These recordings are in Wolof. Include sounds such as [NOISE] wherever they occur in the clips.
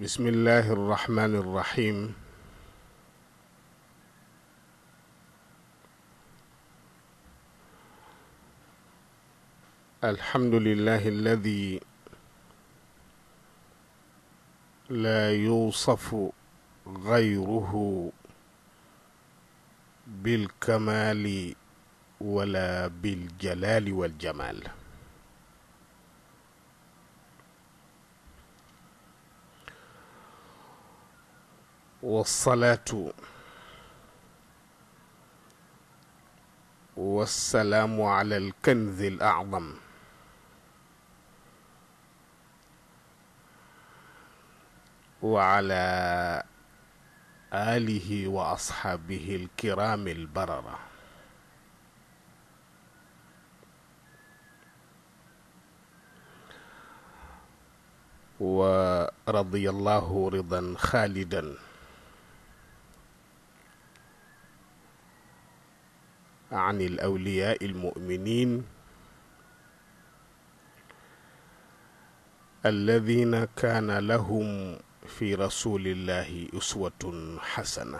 بسم الله الرحمن الرحيم الحمد لله الذي لا يوصف غيره بالكمال ولا بالجلال والجمال والصلاة والسلام على الكنز الأعظم وعلى آله وأصحابه الكرام البررة ورضي الله رضا خالدا عن الأولياء المؤمنين الذين كان لهم في رسول الله أسوة حسنة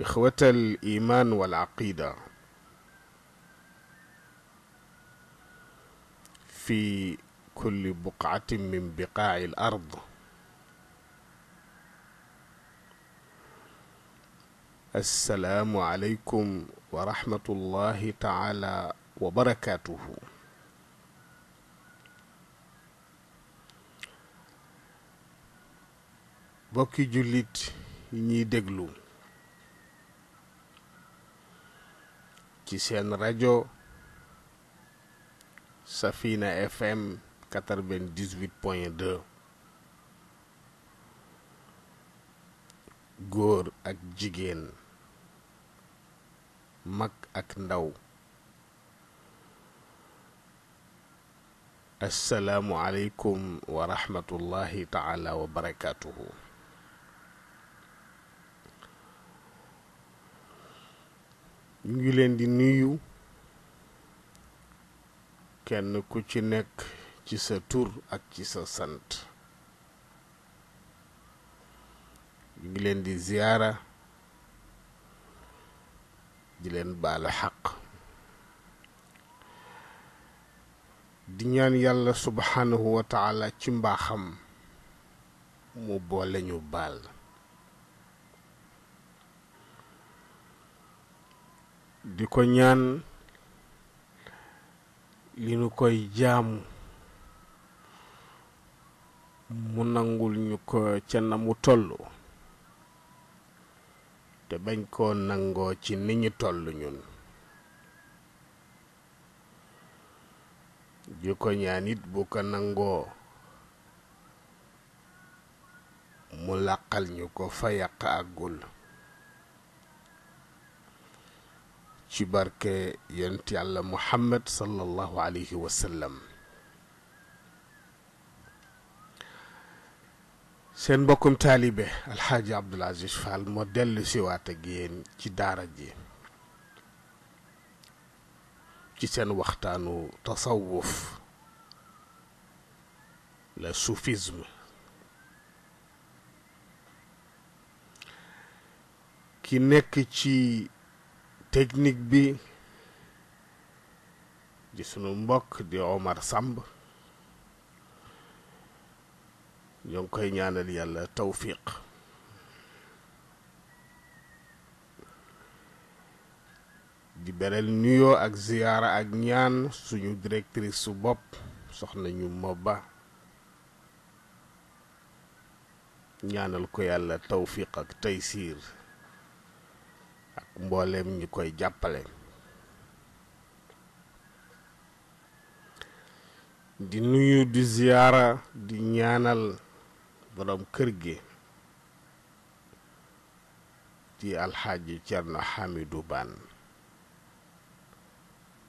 إخوة الإيمان والعقيدة في كل بقعة من بقاع الأرض asalaamualeykum wa rahmatullahi taala wa barakaatuhu bokki jullit yi ñuy déglu ci seen rajo Safina FM quatre vingt góor ak jigéen mag ak ndaw assalaamu aleykum wa rahmatullahi taala wa barakaatuhu ñu ngi leen di nuyu kenn ku ci nekk ci sa tur ak ci sa sant ñu ngi leen di ziyaara di leen baalu xaq di ñaan yàlla subhaanahu wa ci mbaaxam mu boole ñu baal di ko ñaan li nu koy jaamu mu nangul ñu ko ca na mu tollu te bañ koo nangoo ci ni ñu toll ñun ju ko ñaan it bu ko nangoo mu làqal ñu ko fa yàq àggul ci barke yent yàlla muhammad sallallahu alayhi seen mbokkum taalibe alxaaji abdul Aziz Fall mo delu ci wat ak yéen ci dara ji ci sen waxtanu tasawuf le soufisme ki nek ci technique bi di sunu mbok di Omar samba ñoo koy ñaanal yàlla tawfiq di beral nuyoo ak ziyaara ak ñaan suñu directrice su bopp soxna ñu mobba ñaanal ko yàlla tawfiq ak taysiir ak mbooleem ñi koy jàppale di nuyu di ziyaara di ñaanal boroom kër gi ci alxaaji Cerno Xamidu Baan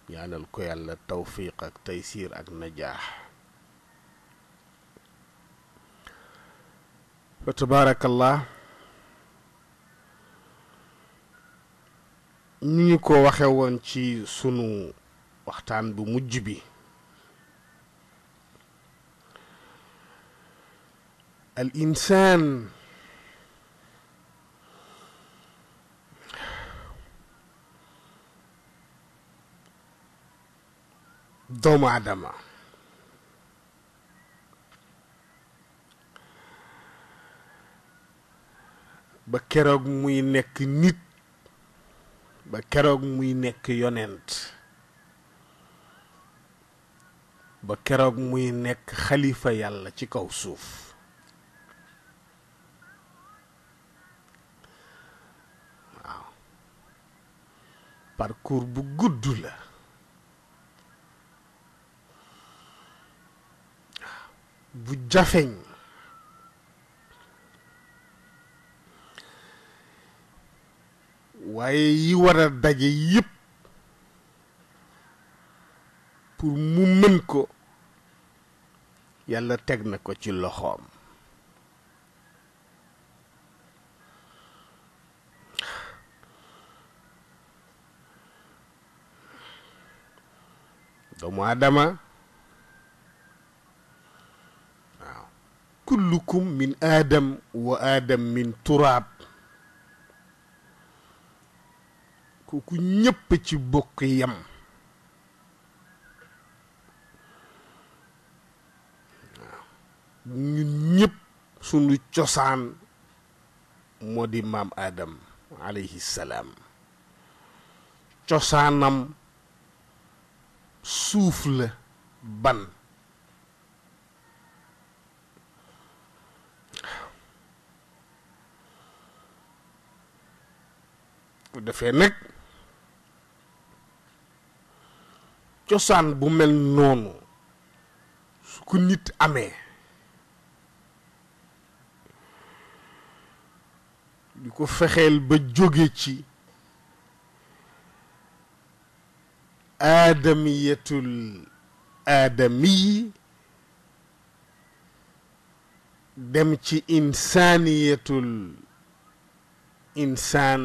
ñaanal ko yàlla tawfiq ak taysiir ak najaax fa tabaarakallah ñu ngi ko waxe woon ci sunu waxtaan bu mujj bi الإنسان doomu aadama ba keroog muy nekk nit ba keroog muy nekk yonent ba keroog muy nekk xalifa yàlla ci kaw suuf parcours bu gudd la bu jafeñ waaye yi war a daje yépp pour mu mën ko yàlla teg na ko ci loxoom doomu aadama waaw kullukum min aadam wa aadam min turaab kooku ñëpp ci bokk yam waaw ñun ñëpp sunu cosaan moo di maam aadam alayhi cosaanam suuf la ban bu defee nag cosaan bu mel noonu su ko nit amee di ko fexeel ba jóge ci aadamiyatul aadamiyi dem ci insaaniyatul insaan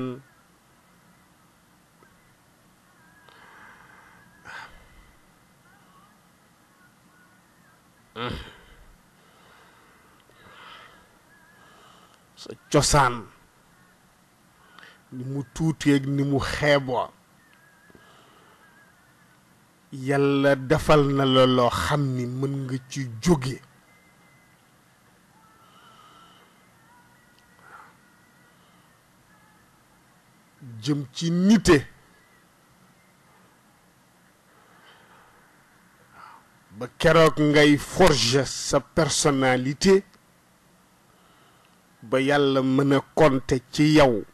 sa cosaan ni mu tuuteeg ni mu xeeboo yàlla defal na la loo xam ni mën nga ci jóge jëm ci nite ba keroog ngay forge sa personnalité ba yàlla mën a compter ci yow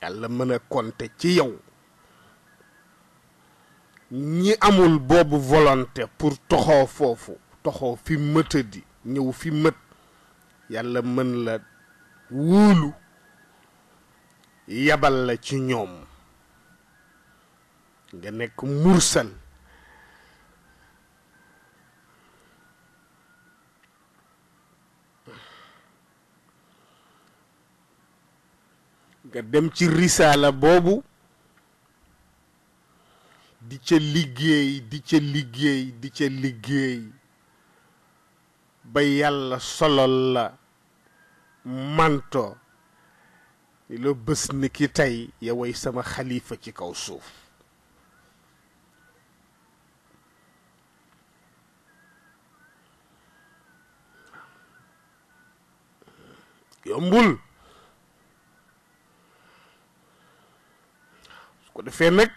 yàlla mën a compter ci yow ñi amul boobu volonté pour toxoo foofu toxoo fi mëtadi ñëw fi mët yàlla mën la wóolu yabal la ci ñoom nga nekk mursal nga dem ci risaala boobu di ca liggéey di ca liggéey di ca liggéey ba yàlla solol la manto ni la bés ni ki tey yaway sama xalifa ci kaw suuf yombul su ko defee nag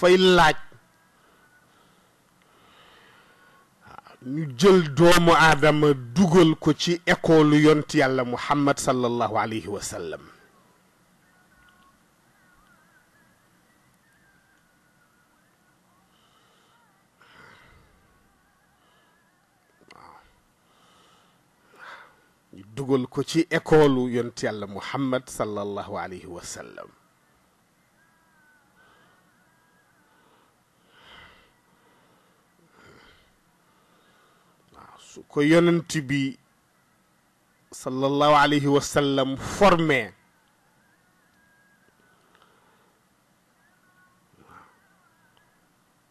fay laaj ñu jël doomu aadama dugal ko ci école yont yàlla muhammad sallallahu alayhi wa sallam ñu dugal ko ci école yont yàlla muhammad sallallahu alayhi wa sallam su ko yonent bi sallallahu alayhi wa sallam formé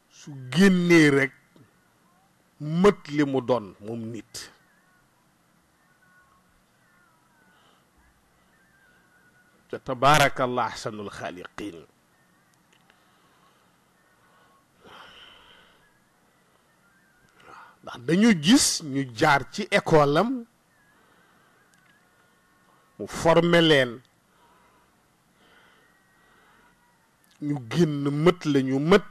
su génnee rek mët li mu doon moom nit te tabaarakallah ahsanul xaaliqin ndax dañu gis ñu jaar ci ekoolam mu former leen ñu génn mët lañu mët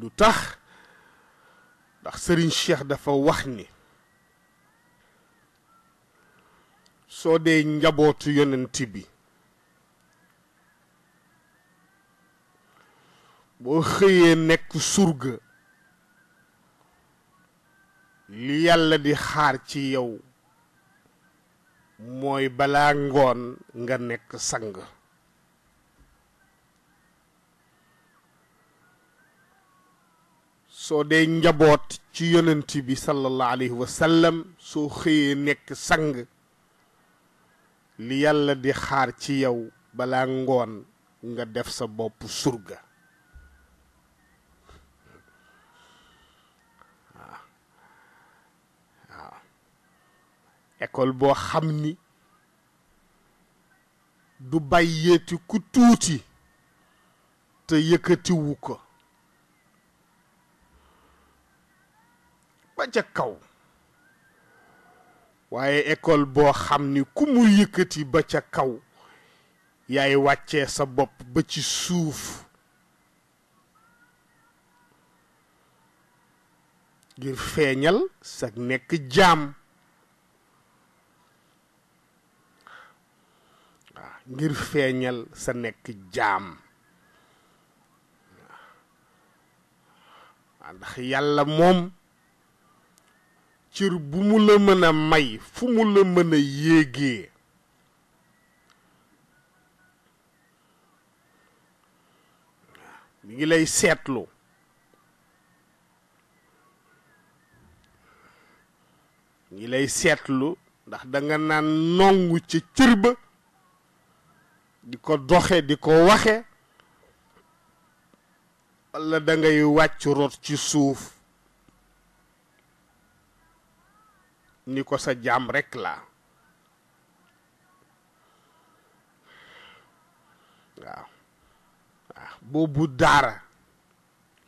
lu tax ndax sëriñ Cheikh dafa wax ni soo dee njabootu yonent bi boo xëyee nekk surga li yàlla di xaar ci yow mooy balaa ngoon nga nekk sang soo dee njaboot ci yonent bi sallallahu alayhi wa sallam soo xëyee nekk sang li yàlla di xaar ci yow balaa ngoon nga def sa bopp surga ekool boo xam ni du bàyyeeti ku tuuti te yëkkatiwu ko ba ca kaw waaye école boo xam ni ku mu yëkkati ba ca kaw yaay wàccee sa bopp ba ci suuf ngir feeñal sag nekk jaam ngir feeñal sa nekk jaam ndax yàlla moom cër bu mu la mën a may fu mu la mën a yéegee mi ngi lay seetlu mi ngi lay seetlu ndax danga naan nongu ca cër ba di ko doxe di ko waxe walla da ngay wàcc rot ci suuf ni ko sa jaam rekk la waaw boobu daara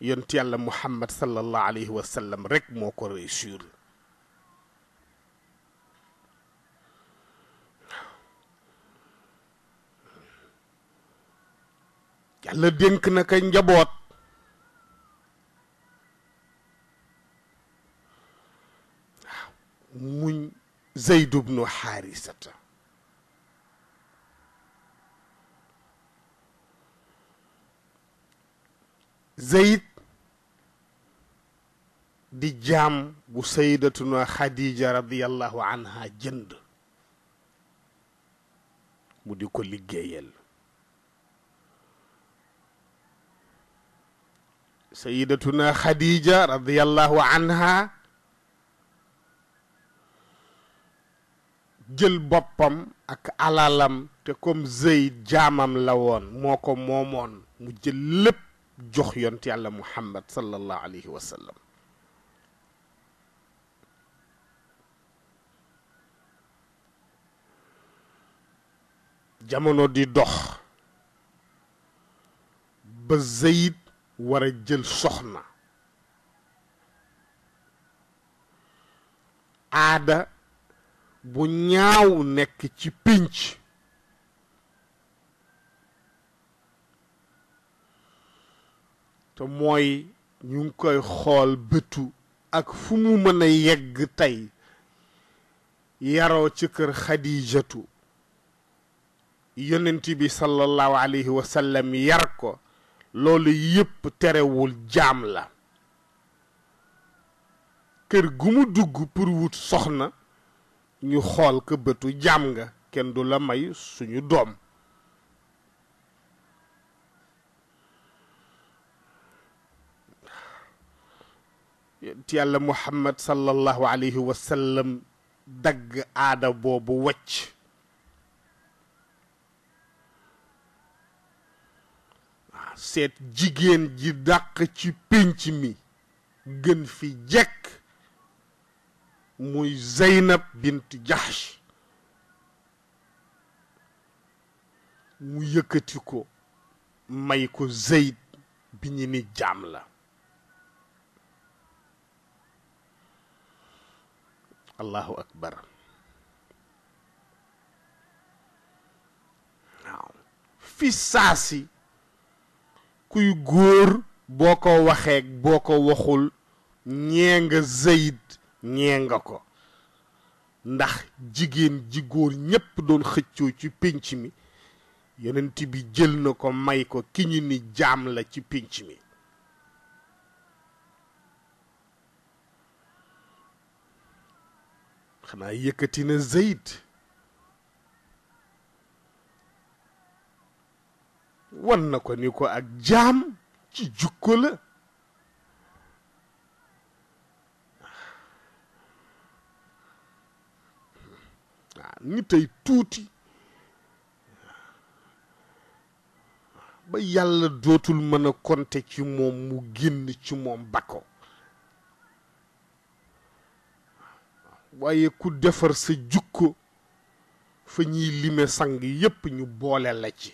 yonent yàlla muhammad sallallahu alayhi wa sallam rekk moo ko réussir yàlla dénk naka njaboot waaw muñ Zayd Zayd di jaam bu sayyidatuna Xadija radiyallahu anha jënd mu di ko liggéeyal سيدتنا خديجة رضي الله عنها jël boppam ak alalam te comme zeyd jaamam la woon moo ko moomoon mu jël lépp jox yont yàlla muhammad sallallahu alayhi wa sallam jamono di dox ba zeyd war jël soxna aada bu ñaaw nekk ci pénc te mooy ñu ngi koy xool bëtu ak fu mu mën a yegg tey yaroo ci kër xadijatu yonent bi sallallahu alayhi wa sallam yar ko loolu yépp terewul jaam la kër gu mu dugg pour wut soxna ñu xool ko jaam nga kenn du la may suñu doom ti yàlla muhammad sallallahu alayhi wa sallam dagg aada boobu wacc seet jigéen ji dàq ci pénc mi gën fi jekk muy Zeynab bint Jahsh mu yëkkati ko may ko Zeyd bi ñu ni jaam la allahu akbar waaw fi saasi kuy góor boo ko waxee boo ko waxul ñee nga zayid ñee nga ko ndax jigéen ji góor ñépp doon xëccoo ci pénc mi yonent bi jël na ko may ko ki ñu ni jaam la ci pénc mi xanaa yëkkati na zayid wan na ko ni ko ak jaam ci jukko la waaw nit ay tuuti ba yàlla dootul mën a konte ci moom mu génn ci moom bakko waaye ku defar sa jukko fa ñuy lime sang yépp ñu boole la ci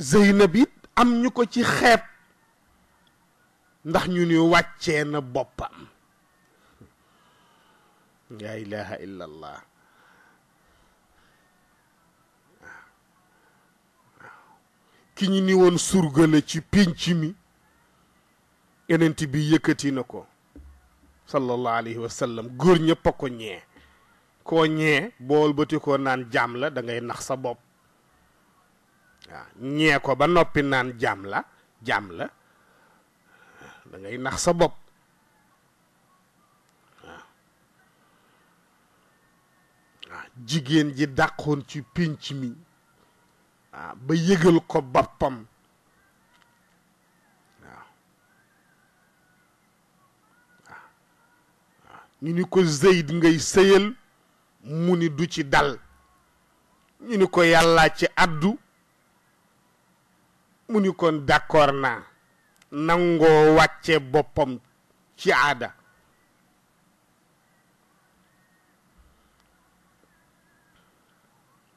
Zeynab it am ñu ko ci xeeb ndax ñu ni wàccee na boppam laa ilaha illa allah ki ñu ni woon surga la ci pénc mi yonent bi yëkkati na ko sallallahu alayhi wa góor ñëpp a ko ñee koo ñee bool bati koo naan jaam la dangay nax sa bopp waaw ñee ko ba noppi naan jaam la jaam la dangay nax sa bopp waaw jigéen ji dàqoon ci pénc mi waaw ba yëgal ko boppam waaw waaw waaw ñu ni ko Zeyd ngay sëyal mu ni du ci dal ñu ni ko yàllaa ci addu mu ni kon d'accord naa nangoo wàcce boppam ci aada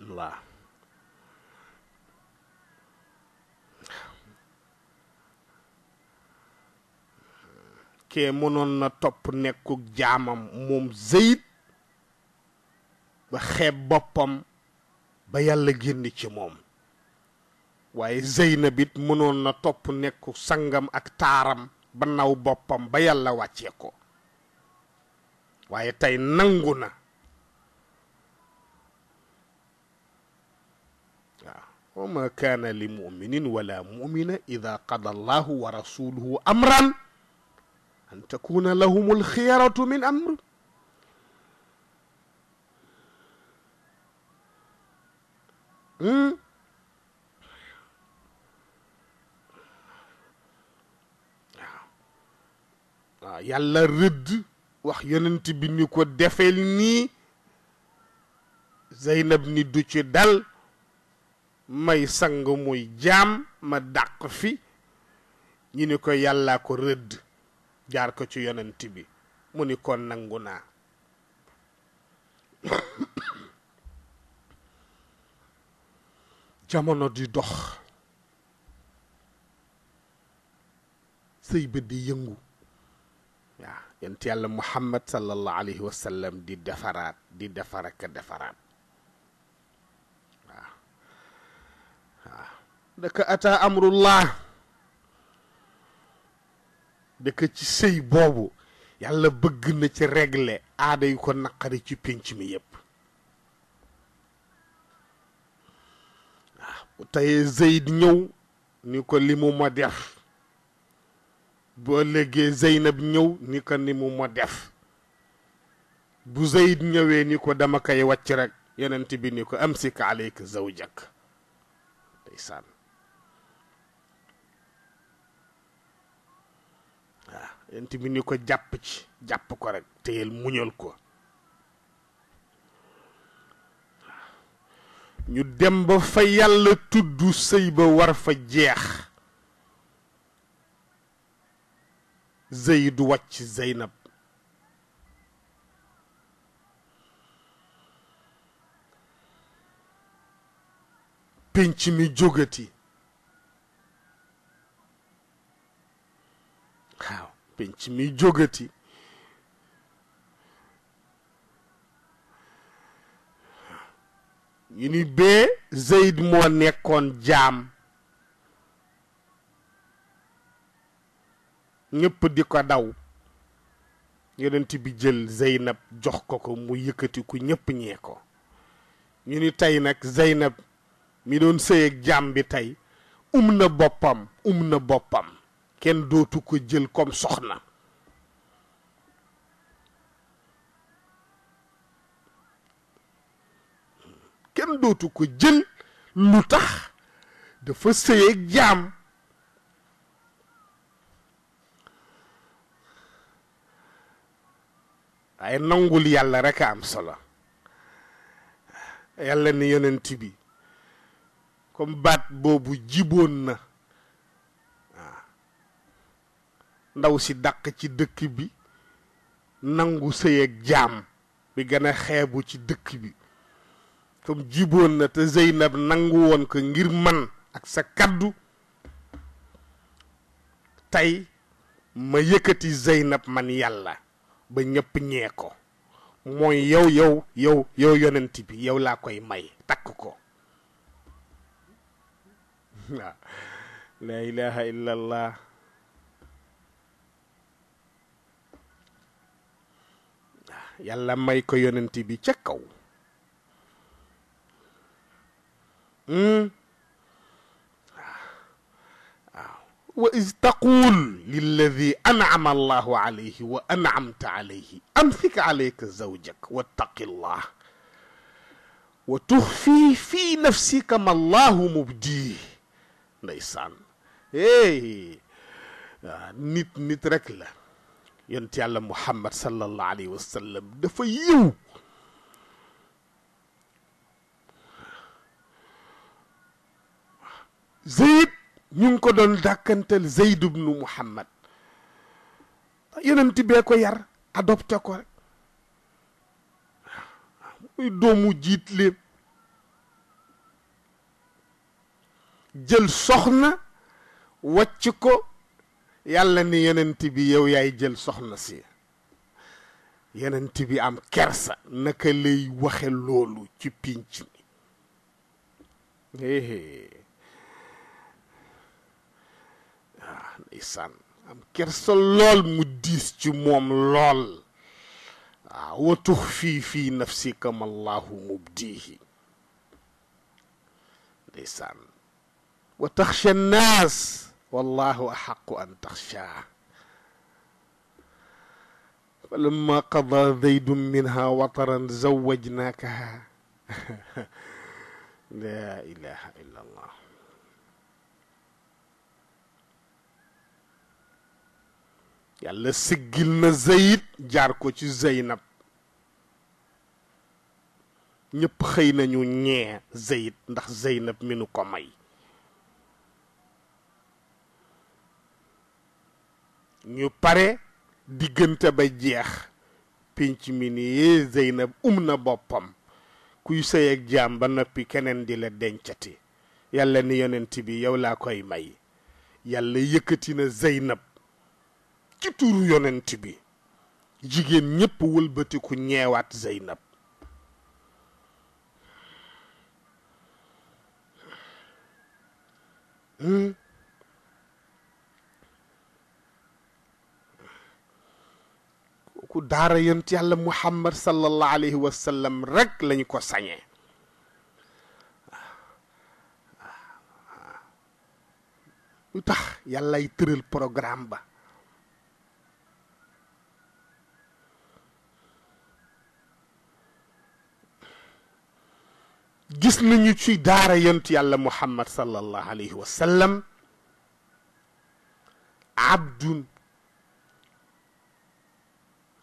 Allah kee mënoon na topp nekkuk jaamam moom zeyit ba xeeb boppam ba yàlla génn ci waaye Zeynab it mënoon na topp nekku sangam ak taaram ba naw boppam ba yàlla wàccee ko waaye tey nangu na waaw wa ma kaana li muminin wala mumina ida qada allahu wa rasuluhu amran an takuna lahum alxiyaratu min amr hmm waaw yàlla rëdd wax yonent bi ni ko defeel nii Zeynab ni du ci dal may sang muy jaam ma dàq fi ñu ni ko yàlla ko rëdd jaar ko ci yonent bi mu ni ko nangu naa [COUGHS] jamono di dox sëy ba di yëngu yent yàlla muhammad sallallahu alayhi wa di defaraat di defar ak defaraat waaw waaw dëkk ata amrullah dëkk ci sëy boobu yàlla bëgg na ci régler aada yu ko naqari ci pinc mi yépp waaw bu teyee ñëw ni ko li mu ma def boo léggee Zeynab ñëw ni ko ni mu ma def bu Zeyd ñëwee ni ko dama koy wàcc rek yenent bi ni ko am sik aleyka zawjak ndeysaan waaw bi ni ko jàpp ci jàpp ko rek téyel muñal ko ñu dem ba fa yàlla tudd sëy ba war fa jeex zëy du wàcc zeynab pénc mi jógati waaw pénc mi jógati ñu ni bee zeyd moo nekkoon jaam ñëpp di ko daw yonent bi jël Zeynab jox ko ko mu yëkkati ku ñëpp ñee ko ñu ni tey nag Zeynab mi doon sëy ak jaam bi tey um na boppam um na boppam kenn dootu ko jël comme soxna kenn dootu ko jël lu tax dafa sëy ak jaam waaye nangul yàlla rekk a am solo yàlla ni yenent bi comme baat boobu jiboon na ndaw si dàq ci dëkk bi nangu sëy ak jaam bi gën a xeebu ci dëkk bi comme jiboon na te Zeynab nangu woon ko ngir man ak sa kàddu tey ma yëkkati Zeynab man yàlla ba ñëpp ñee ko mooy yow yow yow yow yonent bi yow laa koy may takk ko [LAUGHS] waaw laa ilaha illa allah may ko yonent bi ca kaw hmm? وإذ تقول للذي أنعم الله عليه وأنعمت عليه أمسك عليك زوجك واتق الله وتخفي في نفسك ما الله مبديه نيسان إيه نت نت ركلا ينتي على محمد صلى الله عليه وسلم دفيو زيد ñu ngi ko doon dàkkantal Zeyd ibnu Muhammad yeneen tibee ko yar adopté ko rek muy doomu jiit lépp jël soxna wacc ko yàlla ni yenent bi yow yaay jël soxna si yenent bi am kersa naka lay waxe loolu ci pinc mi ndeysaan am kersa lool mu diis ci moom lool waaw watux fii fii nafsika ma allahu mubdihi ndeysaan wa taxsha nnaas wallahu axaqu an taxshaa فلما قضى زيد منها وطرا زوجناكها لا اله الا الله yàlla siggil na zayid jaar ko ci zeynab ñëpp xëy nañu ñee zayid ndax zeynab mi nu ko may ñu pare diggante ba jeex pénc mi nii zeynab um na boppam kuy sëy ak jaam ba noppi keneen di la dencati yàlla ni yonent bi yow laa koy may yàlla yëkkati na zeynab ci turu yonent bi jigéen ñépp wëlbatiku ñeewaat Zeynab hmm? ku daara yonent yàlla muhammad sallallahu alayhi wa sallam rek ko sañee lu tax yàllay tëral programme ba gis nañu ci daara yont yàlla muhammad sallallahu alayhi wa sallam abdun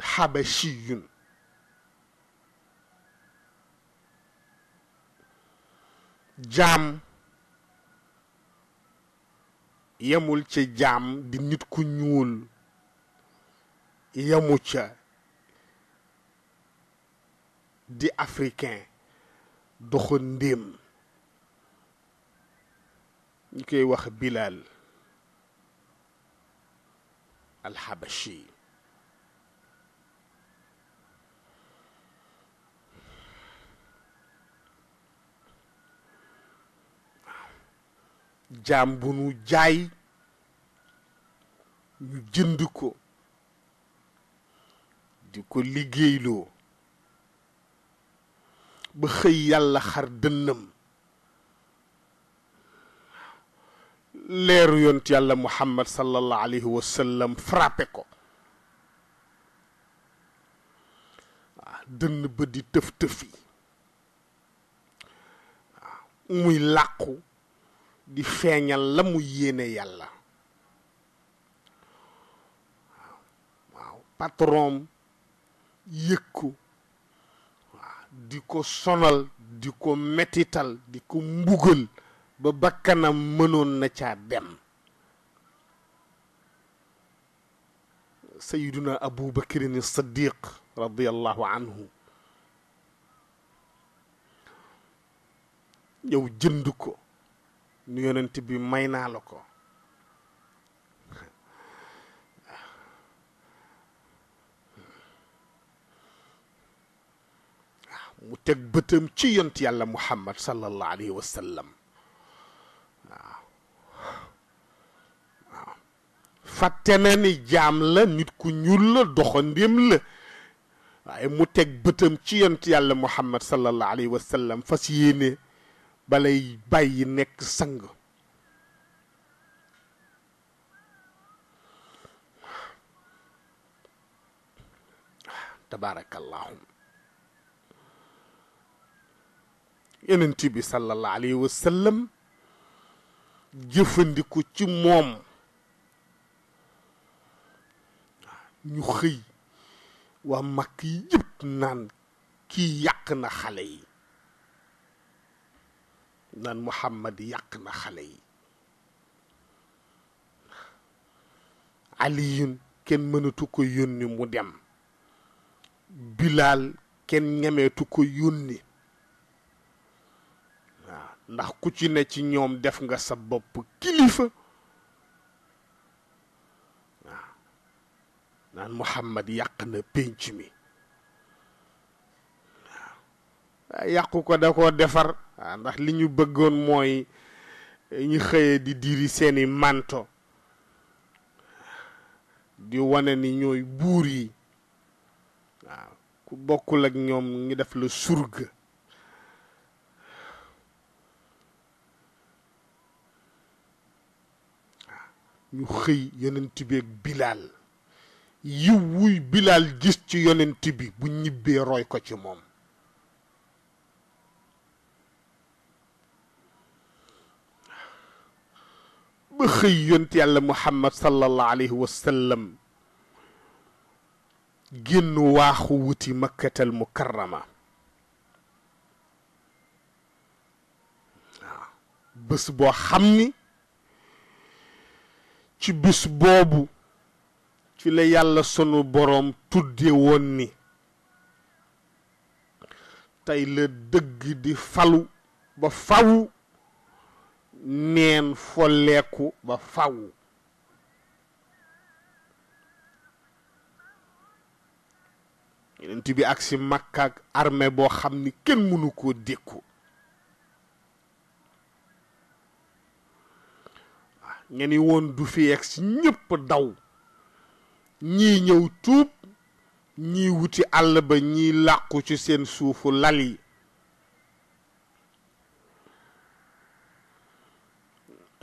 xabashiyun jaam yemul ca jaam di nit ku ñuul yemu ca di africain duxu ndéem ñu koy wax bilaal alxabashi jaam bu nu jaay ñu jënd ko di ko liggéeyloo ba xëy yàlla xar dënnam leeru yont yàlla muhammad sallallahu alayhi wa sallam ko waaw ah, dënn ba di tëf-tëfi ah, muy làqu di feeñal la mu yéene yàlla ah, waaw patron yëg ko di ko sonal di ko metital di ko mbugal ba bakkanam mënoon na caa dem sayiduna abu bakrin siddiq radiallahu anhu yow jënd ko nu bi may naa la ko وتك بتم تشينت يالا محمد صلى الله عليه وسلم فاتناني جام لا نيت كو نيول لا دوخانديم لا مو تك بتم تشينت يالا محمد صلى الله عليه وسلم فاسيني بالاي باي نيك تبارك اللهم yonent bi sallallahu alayhi wa jëfandiku ci moom ñu xëy waa mag yëpp naan kii yàq na xale yi naan Muhammad yàq na xale yi Aliyun kenn mënatu ko yónni mu dem Bilaal kenn ñameetu ko yónni ndax ku ci ne ci ñoom def nga sa bopp kilifa waaw naan Muhammad yàq na pénc mi waaw yàqu ko da koo defar waaw ndax li ñu bëggoon mooy ñu xëyee di diri seeni manto di wone ni ñooy buur yi waaw ku bokkul ak ñoom ñu def la surga ñu xëy yonent bi ak bilaal yiw bilaal gis ci yonent bi bu ñibbee roy ko ci moom ba xëy yont yàlla muhammad sallallahu alayhi génn waaxu wuti makkatal mukarrama waaw bés boo xam ni ci bis boobu ci la yàlla sunu boroom tudde woon ni tey la dëgg di falu ba faw neen foleeku ba faw yenent bi agsi si màkkaak armée boo xam ni kenn mënu koo dékku nga ni woon du fi yegg si ñëpp daw ñii ñëw tuub ñii wuti àll ba ñii làqu ci seen suufu lal yi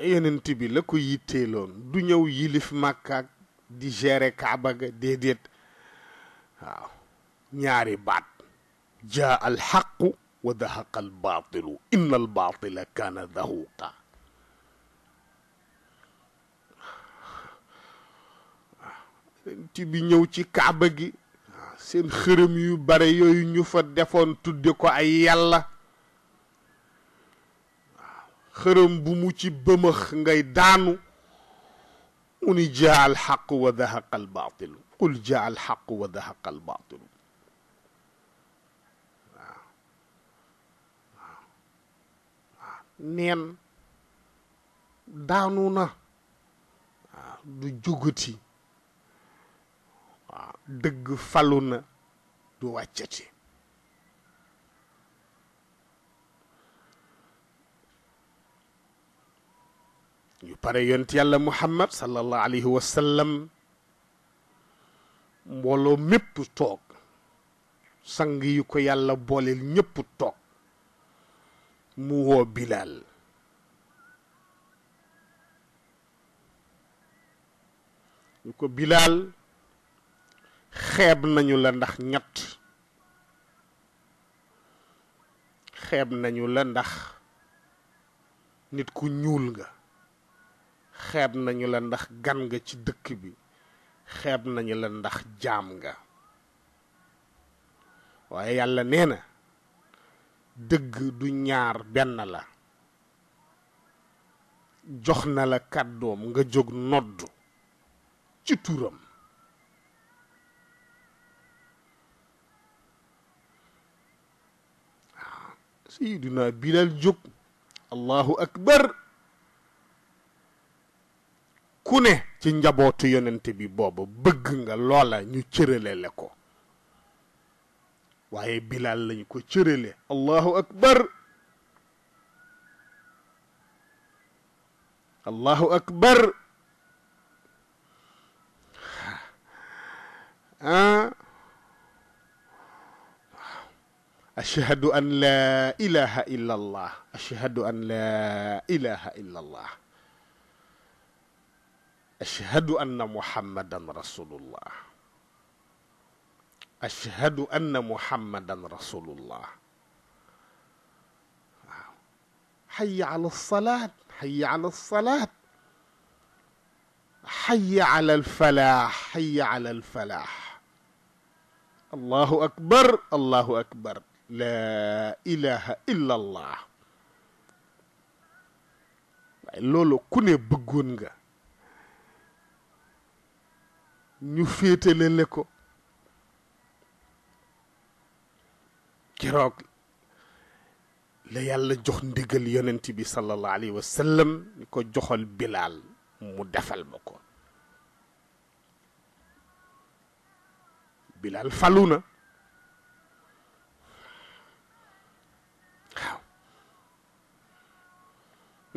yenent bi la ko yitteeloon du ñëw yilif màkkaak di gere kaaba ga déedéet waaw ñaari baat jaa alxaqu wa dahaqa albaatilu inna albaatila kaana dahuqa ti bi ñëw ci kaaba gi seen xërëm yu bare yooyu ñu fa defoon tudde ko ay yàlla xërëm bu mu ci bëmëx ngay daanu mu ni jaa alxaq wa dahaqa albaatilu qul jaa alxaq wa dahaqa albaatilu neen daanu na du jugati dëgg falu na du wàccati ñu pare yont yàlla muhammad sallallahu alayhi wa mbooloo mépp toog sang yu ko yàlla booleel ñépp toog mu woo bilaal ñu ko bilaal xeeb nañu la ndax ñett xeeb nañu la ndax nit ku ñuul nga xeeb nañu la ndax gan nga ci dëkk bi xeeb nañu la ndax jaam nga waaye yàlla nee na dëgg du ñaar benn la jox na la kàddoom nga jóg noddu ci turam sayyiduna Bilal jóg allahu akbar ku ne ci njabootu yonent bi booba bëgg nga loola ñu cërale le ko waaye bilaal lañu ko cërale allahu akbar allahu akbar ah أشهد أن لا إله إلا الله أشهد أن لا إله إلا الله أشهد أن محمدا رسول الله أشهد أن محمدا رسول الله حي على الصلاة حي على الصلاة حي على الفلاح حي على الفلاح الله أكبر الله أكبر laa ilaaha illa allah waaye loolu ku ne bëggoon nga ñu féetale le ko keroog la yàlla jox ndigal yonent bi sallallahu alayhi wa sallam ni ko joxal bilaal mu defal ma ko bilaal falu na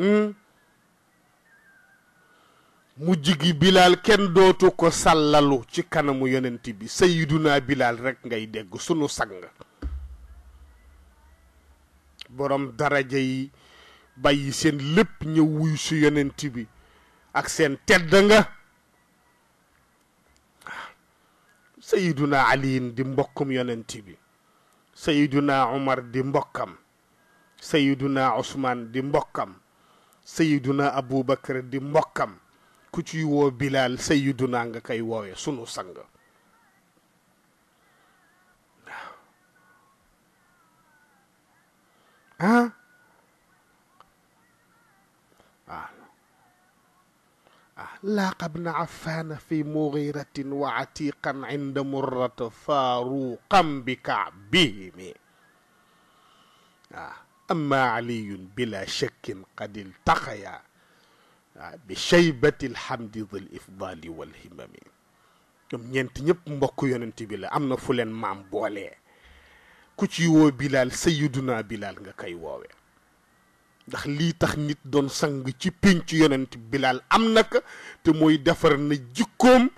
Hmm? mujj gi bilaal kenn dootu ko sàllalu ci kanamu yonent bi sayiduna bilaal rekk ngay dégg sunu sag sang boroom daraja yi bàyyi seen lépp ñëw wuy yenent bi ak seen tedd nga sayiduna aliin di mbokkum yonent bi sayiduna umar di mbokkam sayiduna usmaan di mbokkam سيدنا أبو بكر دي مكام كتي و بلال سيدنا نغا كاي ووي سونو سانغا ها لاقبنا عفان في مغيرة وعتيقا عند مرة فاروقا بكعبهم أما علي بلا شك قد التقيا بشيبة الحمد ذي الإفضال والهمم كم ينت نيب مبوكو يوننتي بلا أمنا فلان مام بولي كوتي وو بلال سيدنا بلال نغا كاي ووي داخ لي تخ نيت دون سانغ تي بينتي يوننتي بلال أمناك تي موي دافر نا جيكوم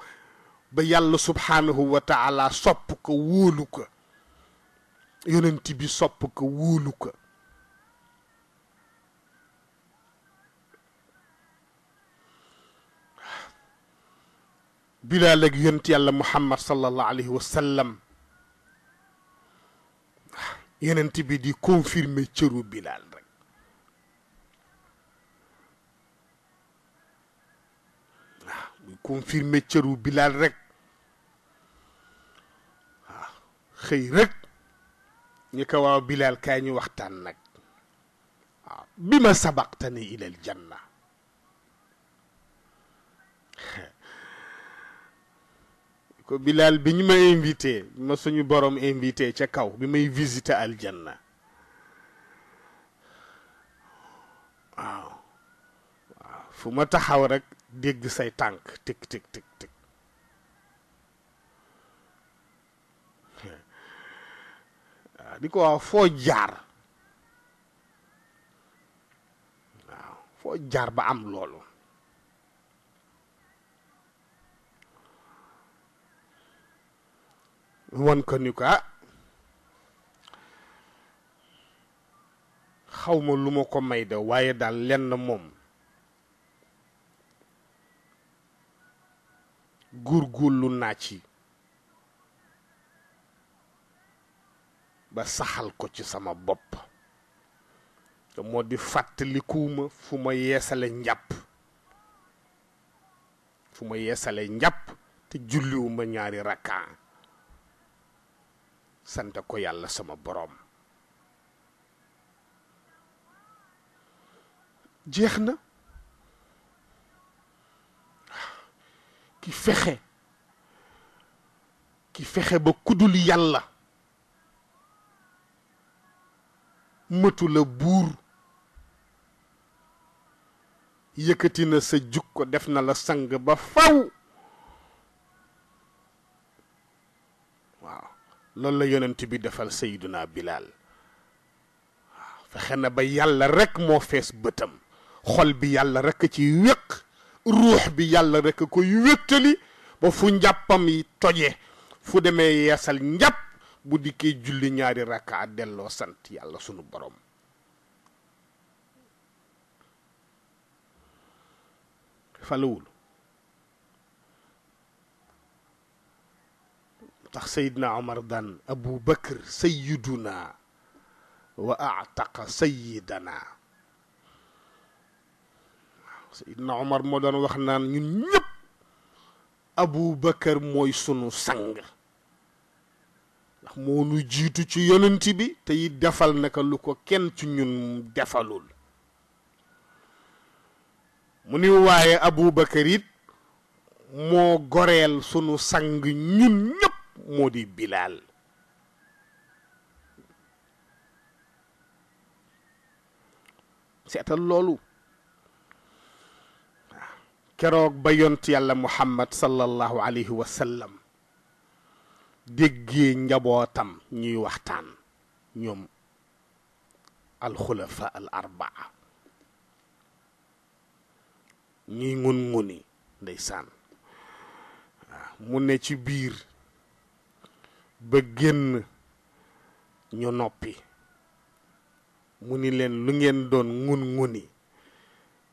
با يالله سبحانه وتعالى سوبكو وولوكو يوننتي بي سوبكو وولوكو بلال يونت يالا محمد صلى الله عليه وسلم يونت بدي دي كونفيرمي تشيرو بلال رك وي كونفيرمي تشيرو بلال رك خي رك نيكا بلال كاي ني وقتان نك بما سبقتني الى الجنه Bilal bi ñu ma invité ma suñu borom invité ca kaw bi may visité aljanna waaw waaw fu ma taxaw rek dégg say tànk tig tig tig di ko waaw foo jaar waaw foo jaar ba am loolu wan ko ni ko ah xaw ma lu ma ko may de waaye daal lenn moom góorgóorlu naa ci ba saxal ko ci sama bopp te moo di fàttalikuuma fu ma yeesale njàpp fu ma yeesale njàpp te julliwuma ñaari rakkaan Santa ko yàlla sama borom jeex na ki fexe ki fexe ba kudul yàlla mëtu la buur yëkkati sa jukko def na la sang ba faw loolu la yonent bi defal sayduna bilal fexe na ba yàlla rek moo fees bëtam xol bi yàlla rek ci wéq ruux bi yàlla rek koy wéttali ba fu njàppam yi toje fu demee yeesal njàpp bu dikkee julli ñaari rakka delloo sant yàlla sunu borom falawul ndax sayidna omar daan abu bakr sayiduna wa ataqa sayidana waaw sayidna omar moo doon wax naan ñun ñëpp abu bakar mooy sunu sang ndax moo nu jiitu ci yonent bi te it defal naka lu ko kenn ci ñun defalul mu ni waaye abu bakar it moo goreel sunu sang ñun ñëpp مودي بلال سيتال لولو كروك بيونت يالا محمد صلى الله عليه وسلم ديجي نجابوتام ني وقتان نيوم الخلفاء الأربعة ني مون موني ديسان مو ني تي بير ba génn ñu noppi mu ni leen lu ngeen doon ngun nguni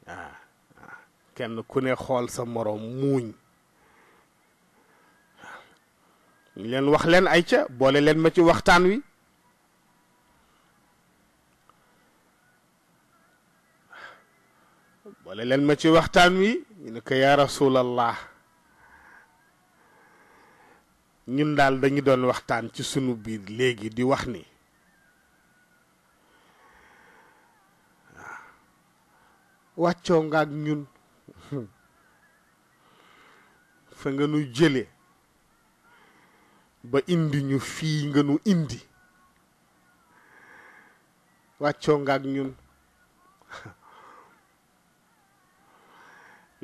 waaw ah, ah, kenn ku ne xool sa moroom muuñ ñu leen wax leen ay ca boole leen ma ci waxtaan wi boole leen ma ci waxtaan wi ñu ne ko yaa rasulallah ñun daal dañu doon waxtaan ci sunu biir léegi di wax ni wàccoo nga ak ñun [LAUGHS] fa nga nu jële ba indi ñu fii nga nu indi wàccoo nga ak ñun [LAUGHS]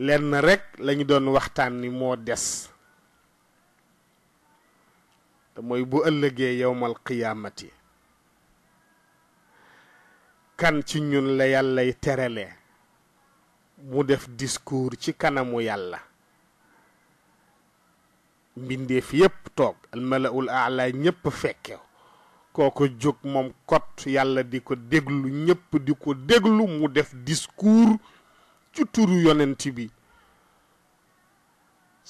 lenn rekk lañu doon waxtaan ni moo des mooy bu ëllëgee yowmal qiyaamati kan ci ñun la yàllay terale mu def diskuur ci kanamu yàlla mbindeef yépp toog almalaul aala ñépp fekke kooko jóg moom kot yàlla di ko déglu ñépp di ko déglu mu def discours ci turu yonent bi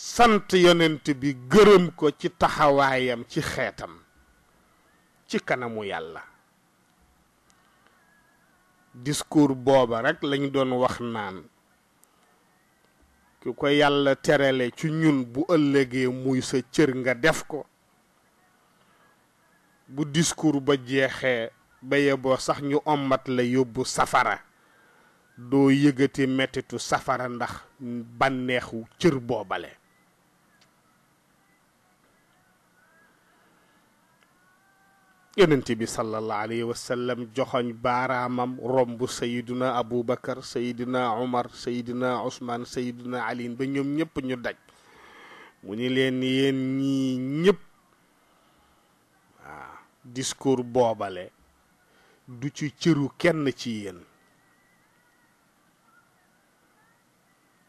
sant yonent bi gërëm ko ci taxawaayam ci xeetam ci kanamu yàlla discours booba rekk lañu doon wax naan ki ko yàlla terale ci ñun bu ëllëgee muy sa cër nga def ko bu discours ba jeexee ba yeboo sax ñu ommat la yóbbu safara doo yëgati mettitu safara ndax bànneexu cër boobale yonent bi sallallahu alayhi wa joxoñ baaraamam romb sayiduna aboubacar sayiduna omar sayiduna ousmaan sayiduna aliin ba ñoom ñëpp ñu daj mu ni leen yéen ñii ñëpp waaw discours boobale du ci cëru kenn ci yéen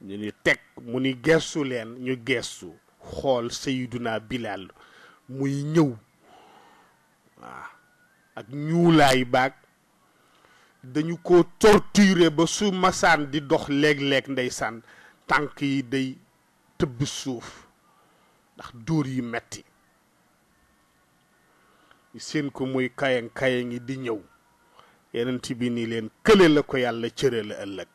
ñu ni teg mu ni geesu leen ñu geesu xool sayiduna bilal muy ñëw waaw ak ñuulaay baag dañu ko torturer ba su masaan di dox léeg-léeg ndeysaan tànk yi day tëbb suuf ndax dóor yi metti seen ko muy kayang kayang yi di ñëw yenent bi ni leen kële la ko yàlla cëre la ëllëg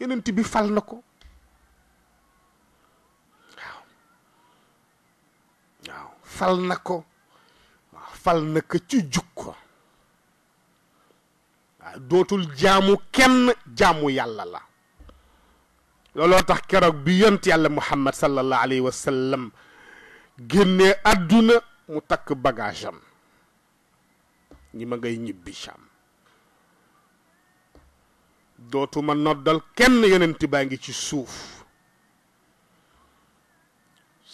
yenent bi fal na ko fal na ko fal na ko ci jukko waaw dootul jaamu kenn jaamu yàlla la looloo tax keroog bi yont yàlla muhammad sallallahu alayhi wa sallam génnee àdduna mu takk bagage am ñi ma ngay ñibbi Sham dootuma noddal kenn yonent baa ngi ci suuf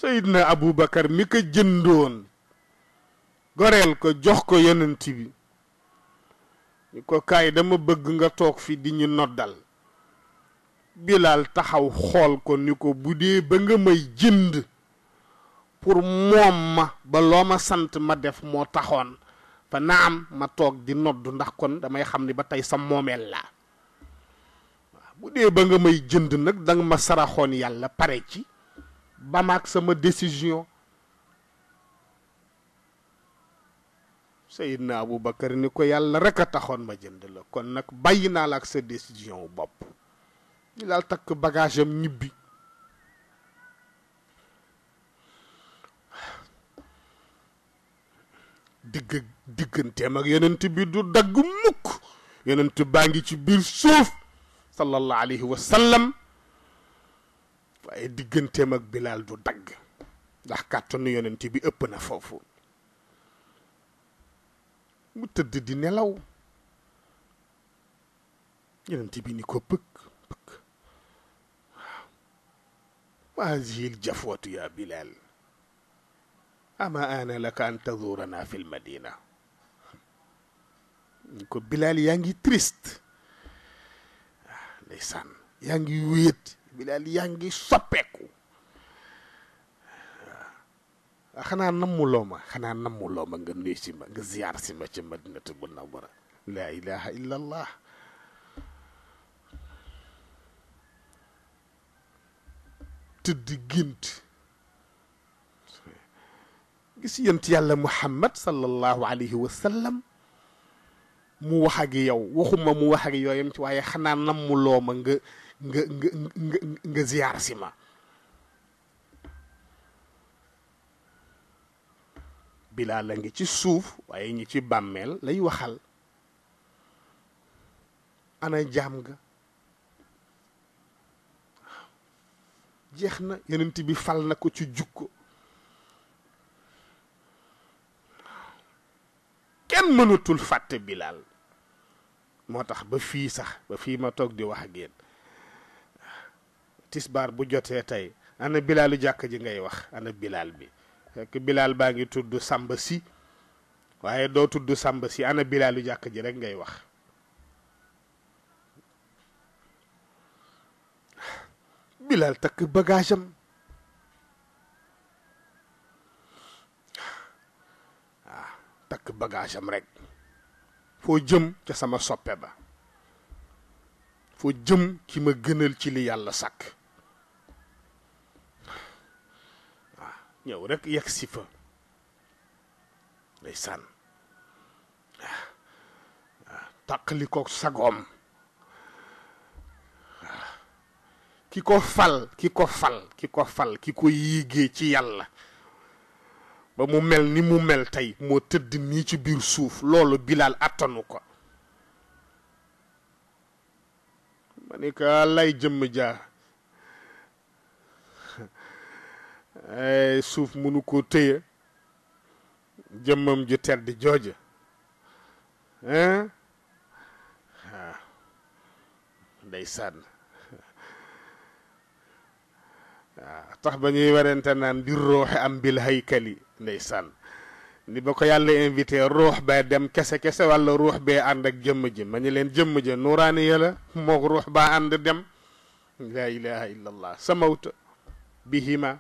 sayidna abubakar mi ko jëndoon goreel ko jox ko yonent bi ñu ko kaay dama bëgg nga toog fi di ñu noddal bilaal taxaw xool ko ni ko bu dee ba nga may jënd pour moom ma ba loo ma sant ma def moo taxoon fa naam ma toog di noddu ndax kon damay xam ni ba tey sa moomeel laa bu dee ba nga may jënd nag danga ma saraxoon yàlla pare ci ba maag sama décision Seydina Aboubacar ni ko yàlla rekk a taxoon ma jënd la kon nag bàyyi naa la ak sa décision bopp ñu laal takk bagage ñibbi digg digganteem ak yonent bi du dagg mukk yonent baa ngi ci biir suuf sallallahu alayhi waaye digganteem ak bilaal du dagg ndax kàttanu yonent bi ëpp na foofu mu tëdd di nelaw yonent bi ni ko pëkk pëkk waaw waazihil jafwatu ya bilaal ama ana laka an tazurana fi lmadina ni ko bilaal yaa ngi triste waaw ndeysaan yaa ngi wéet bilaal yaa ngi soppeeku waaw ah, xanaa nammuloo ma xanaa nammuloo ma nga nuyu si ma nga ziyaar si ma ca madinatu munawwara laa ilaha illa allah tëdd gént gis yent yàlla muhammad sallallahu alayhi wa sallam mu wax ak yow waxuma mu wax ak yooyam ci waaye xanaa nammuloo ma nga nga nga nga nga ziyaar si ma bilaa la ngi ci suuf waaye ñi ci bàmmeel lay waxal ana jaam nga jeex na yenent bi fal na ko ci jukko kenn mënatul fàtte bilaal moo tax ba fii sax ba fii ma toog di wax a génn tisbaar bu jotee tey ana bilaalu jàkk ji ngay wax ana bilaal bi fekk bilaal baa ngi tudd sàmba si waaye doo tudd sàmba si ana bilaalu jàkk ji rek ngay wax bilaal takk bagage am ah, takk bagage am rek foo jëm ca sama soppe ba foo jëm ki ma gënal ci li yàlla sàkk ñëw rek yegg si fa day sànn waaw sagoom ah. ki ko fal ki ko fal ki ko fal ci yàlla ba mu mel ni mu mel tey moo tëdd nii ci biir suuf loolu bilaal attanu ko ma lay jëmm jaa suuf mënu ko téye jëmmam ju tedd jooja waaw day sànn tax ba ñuy werante naan bi ruuxi am bil haykali nday sànn ni ba ko yàlla invité ruux ba dem kese-kese walla ruux bee ànd ak jëmm ji ma ñu leen jëmm ji nuuraani ya mook ruux baa ànd dem laa ilaha illa samawta bihima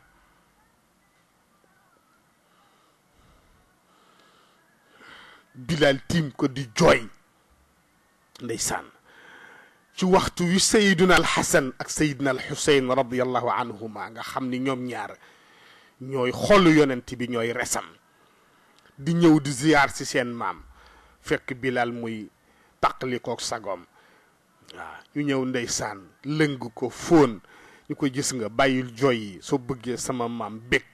Bilal tiim ko di jooy ndeysaan ci waxtu wi sayiduna al xasan ak sayiduna al xuseyn radiallahu anhuma nga xam ni ñoom ñaar ñooy xolu yonent bi ñooy resam di ñëw di ziyaar ci seen maam fekk Bilal muy taqlikook sagoom waaw ñu ñëw ndeysaan lëng ko fóon ñu ko gis nga bàyyil jooy yi soo bëggee sama maam bég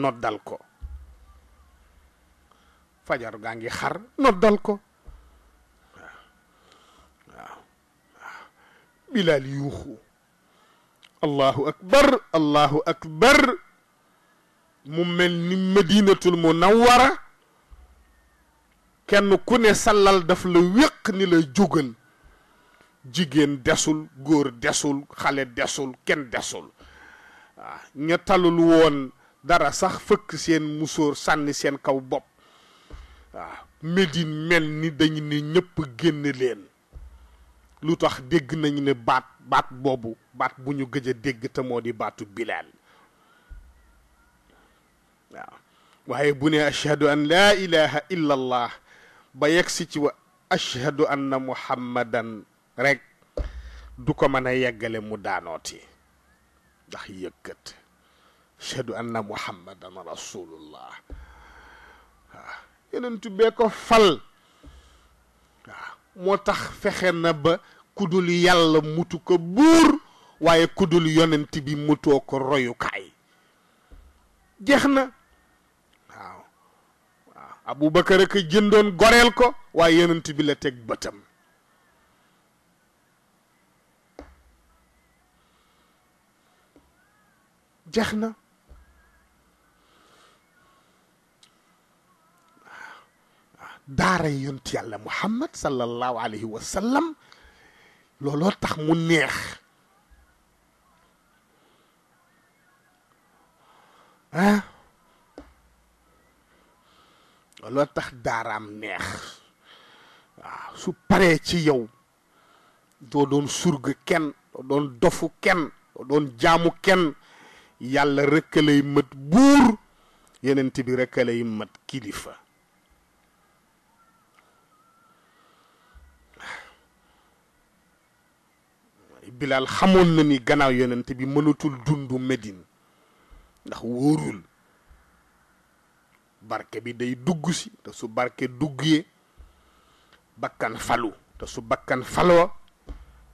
noddal ko fajar gaa ngi xar noddal ko waaw waaw bilaal yuuxu allahu akbar allahu akbar mu mel ni madinatul munawwara kenn ku ne salal daf la wéq ni la jógal jigéen desul góor desul xale desul kenn desul waaw ña woon dara sax fëkk seen musóor sànni seen kaw bopp waaw ah, Médine mel ni dañu ne ñëpp génn leen lu tax dégg nañu ne baat baat boobu baat bu ñu gëj a dégg te moo di baatu Bilaal waaw waaye bu ne ashhadu an laa ilaha illa ba yegg si ci wa ashhadu anna muhammadan rekk du ko mën a yeggale mu daanooti ndax yëkkat ashhadu anna muhammadan rasulullah yeneen tubbee ko fal waaw moo tax fexe na ba kudul yàlla mutu ko buur waaye kudul yonent bi mutoo ko royukaay jex na waaw waaw Abubakar ak jëndoon goreel ko waaye yonent bi la teg bëtam jex na daara yont yàlla muhammad sallallahu alayhi wa sallam looloo tax mu neex ah looloo tax daaraam neex waaw su paree ci yow doo doon surga kenn doo doon dofu kenn doo doon jaamu kenn yàlla rekk lay mët buur yenent bi rekk lay mët kilifa Bilal xamoon na ni gannaaw yonent bi mënatul dundu Medine ndax wóorul barke bi day dugg si te su barke duggee bakkan falu te su bakkan faloo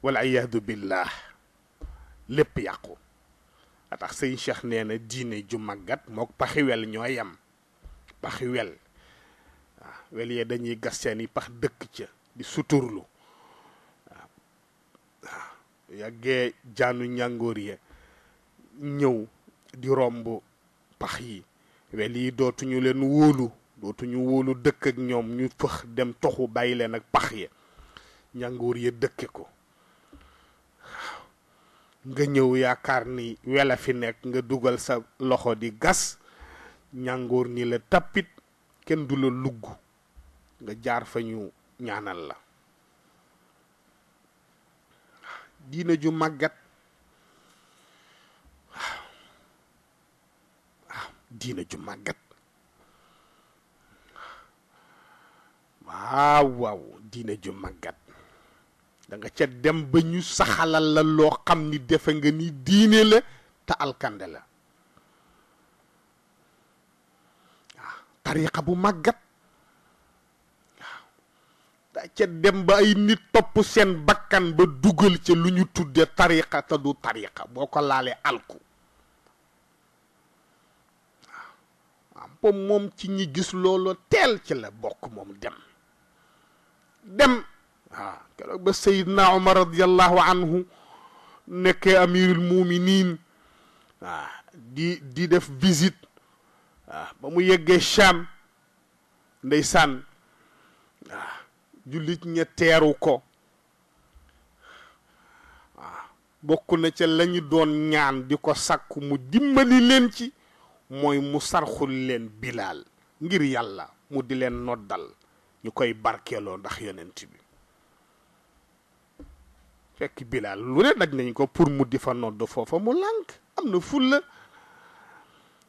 wala ayaadu billah lépp yàqu a tax sëñ Cheikh nee diine ju màggat mook paxiwel ñoo yem paxiwel waaw wel yee dañuy gas seen i pax dëkk ca di suturlu yàggee jaanu njàngoor ya ñëw di romb pax yi wel yi dootuñu leen wóolu dootuñu wóolu dëkk ak ñoom ñu fëx dem toxu bàyyi leen ak pax ya njàngoor ya dëkke ko nga ñëw yaakaar ni wela fi nekk nga dugal sa loxo di gas njàngoor ni la tappit kenn du la lugg nga jaar fa ñu ñaanal la diina ju màggat waaw waaw diina ju màggat waaw waaw diina ju màggat danga nga ca dem ba ñu saxalal la loo xam ni defe nga ni diine la te alkande la waaw tariqa bu màggat ca dem ba ay nit topp seen bakkan ba dugal ca lu ñu tudde tariqa te du tariqa boo ko laalee alku waaw waaw moom ci ñi gis loolu teel ci la bokk moom dem dem waaw keroog ba sayidna omar radiallahu anhu nekkee amirul muminin waaw di di def visite waaw ba mu yeggee Cham ndeysaan jullit ña teeru ko waaw bokk na ca lañu doon ñaan di ko sàkku mu dimbali leen ci mooy mu sarxul leen bilaal ngir yàlla mu di leen noddal ñu koy barkeeloo ndax yonent bi fekk bilaal lu ne daj nañ ko pour mu di fa nodd foofa mu lànk am na fulla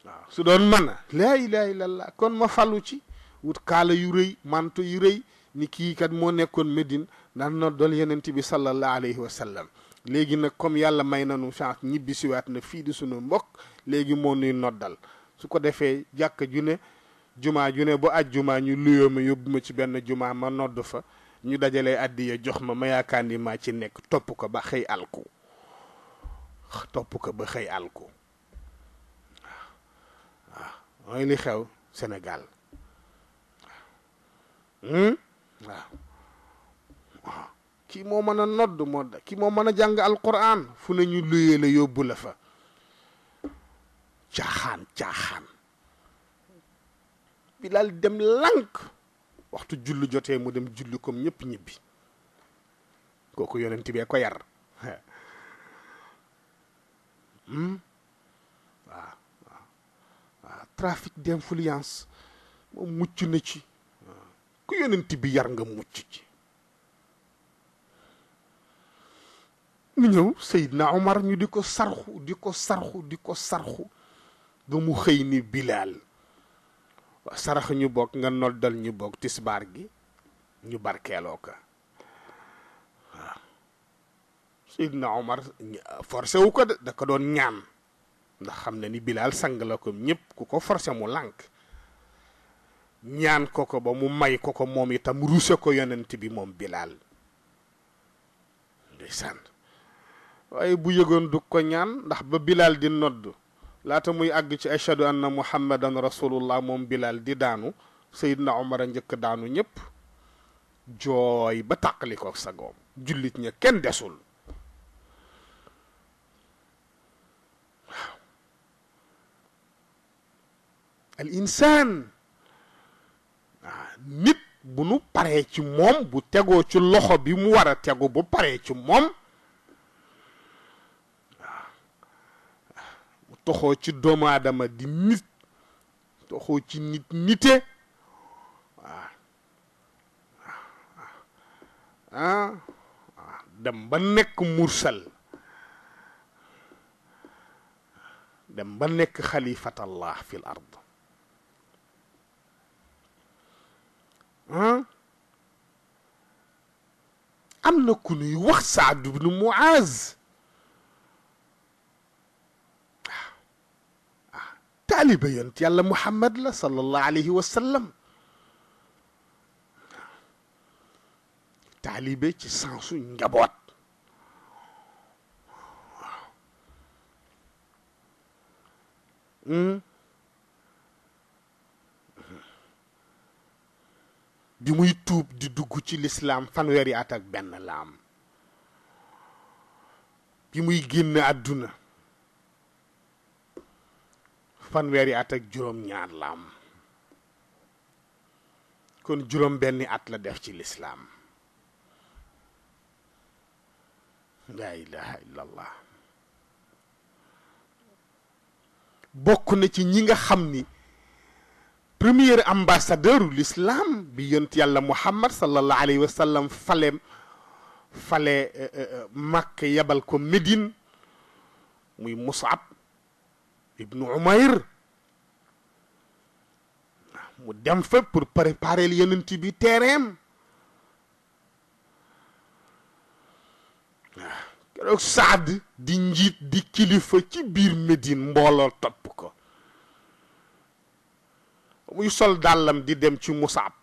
waaw su doon mën a laa ilaaha kon ma falu ci wut kaala yu rëy manto yu rëy ni kii kat moo nekkoon Médine daan na dool yonent bi sallallahu alayhi wa sallam léegi nag comme yàlla may na nu chance ñibbi siwaat na fii di sunu mbokk léegi moo nuy noddal su ko defee jàkk ju ne jumaa ju ne bu aj jumaa ñu luyoo ma yóbbu ma ci benn jumaa ma nodd fa ñu dajalee àddiya jox ma ma yaakaar ni ma ci nekk topp ko ba xëy alku topp ko ba xëy alko waaw mooy li xew senegal hmm? waaw kii moo mën a nodd moo kii moo mën a jàng alquran fu ne ñu luyee la yóbbu la fa caaxaan caaxaan Bilal dem lànk waxtu julli jotee mu dem julli comme ñëpp ñibbi kooku yonent bee ko yar [LAUGHS] hmm? waaw waaw waaw trafic d'influence moom mucc na ci yonent bi yar nga mucc ci ñu ñew sayyidna omar ñu diko sarxu diko sarxu diko sarxu ba mu xëy ni bilaal sarax ñu bok nga noddal ñu bok tisbar gi ñu barkelo ka sayyidna umar omar forcé wu ko da ko doon ñaan ndax xamna ni bilal sang la ko ñep ku ko forcé mu lank ñaan ko ko ba mu may ko ko moom itam ruse ko yonent bi moom bilaal ndeysaan bu yëgoon du ko ñaan ndax ba bilaal di nodd laata muy àgg ci ashadu anna muhammadan rasulullah moom bilaal di daanu seydna na a njëkk daanu ñépp jooy ba tàqali ko sagoom jullit ña kenn desul waaw al insaan nit bu nu paree ci moom bu tegoo ci loxo bi mu war a tegu bu paree ci moom mu toxoo ci doomaadama di nit toxoo ci nit nite ah dem ba nekk mursal dem ba nekk xalifatallah fil ard am na ku nuy wax saad ibnu muaz taaliba yont yàlla muhammad la sallallahu alayhi wa sallam taalibe ci sensu njaboot waaw bi muy tuub di dugg ci lislaam fanweeri at ak benn la am bi muy génn àdduna fanweeri at ak juróom-ñaar la am kon juróom benni at la def ci lislaam laa ilaha illallah bokk na ci ñi nga xam ni premier ambassadeur u l'islam bi yent yàlla muhammad sallalahu alayhi wa sallam fale fale mak yabal ko médine muy musab ibn umayr mu dem fa pour préparer le yent bi terrain waaw saad di njit di kilifa ci bir médine mbolo top muy sol dalam di dem ci musaab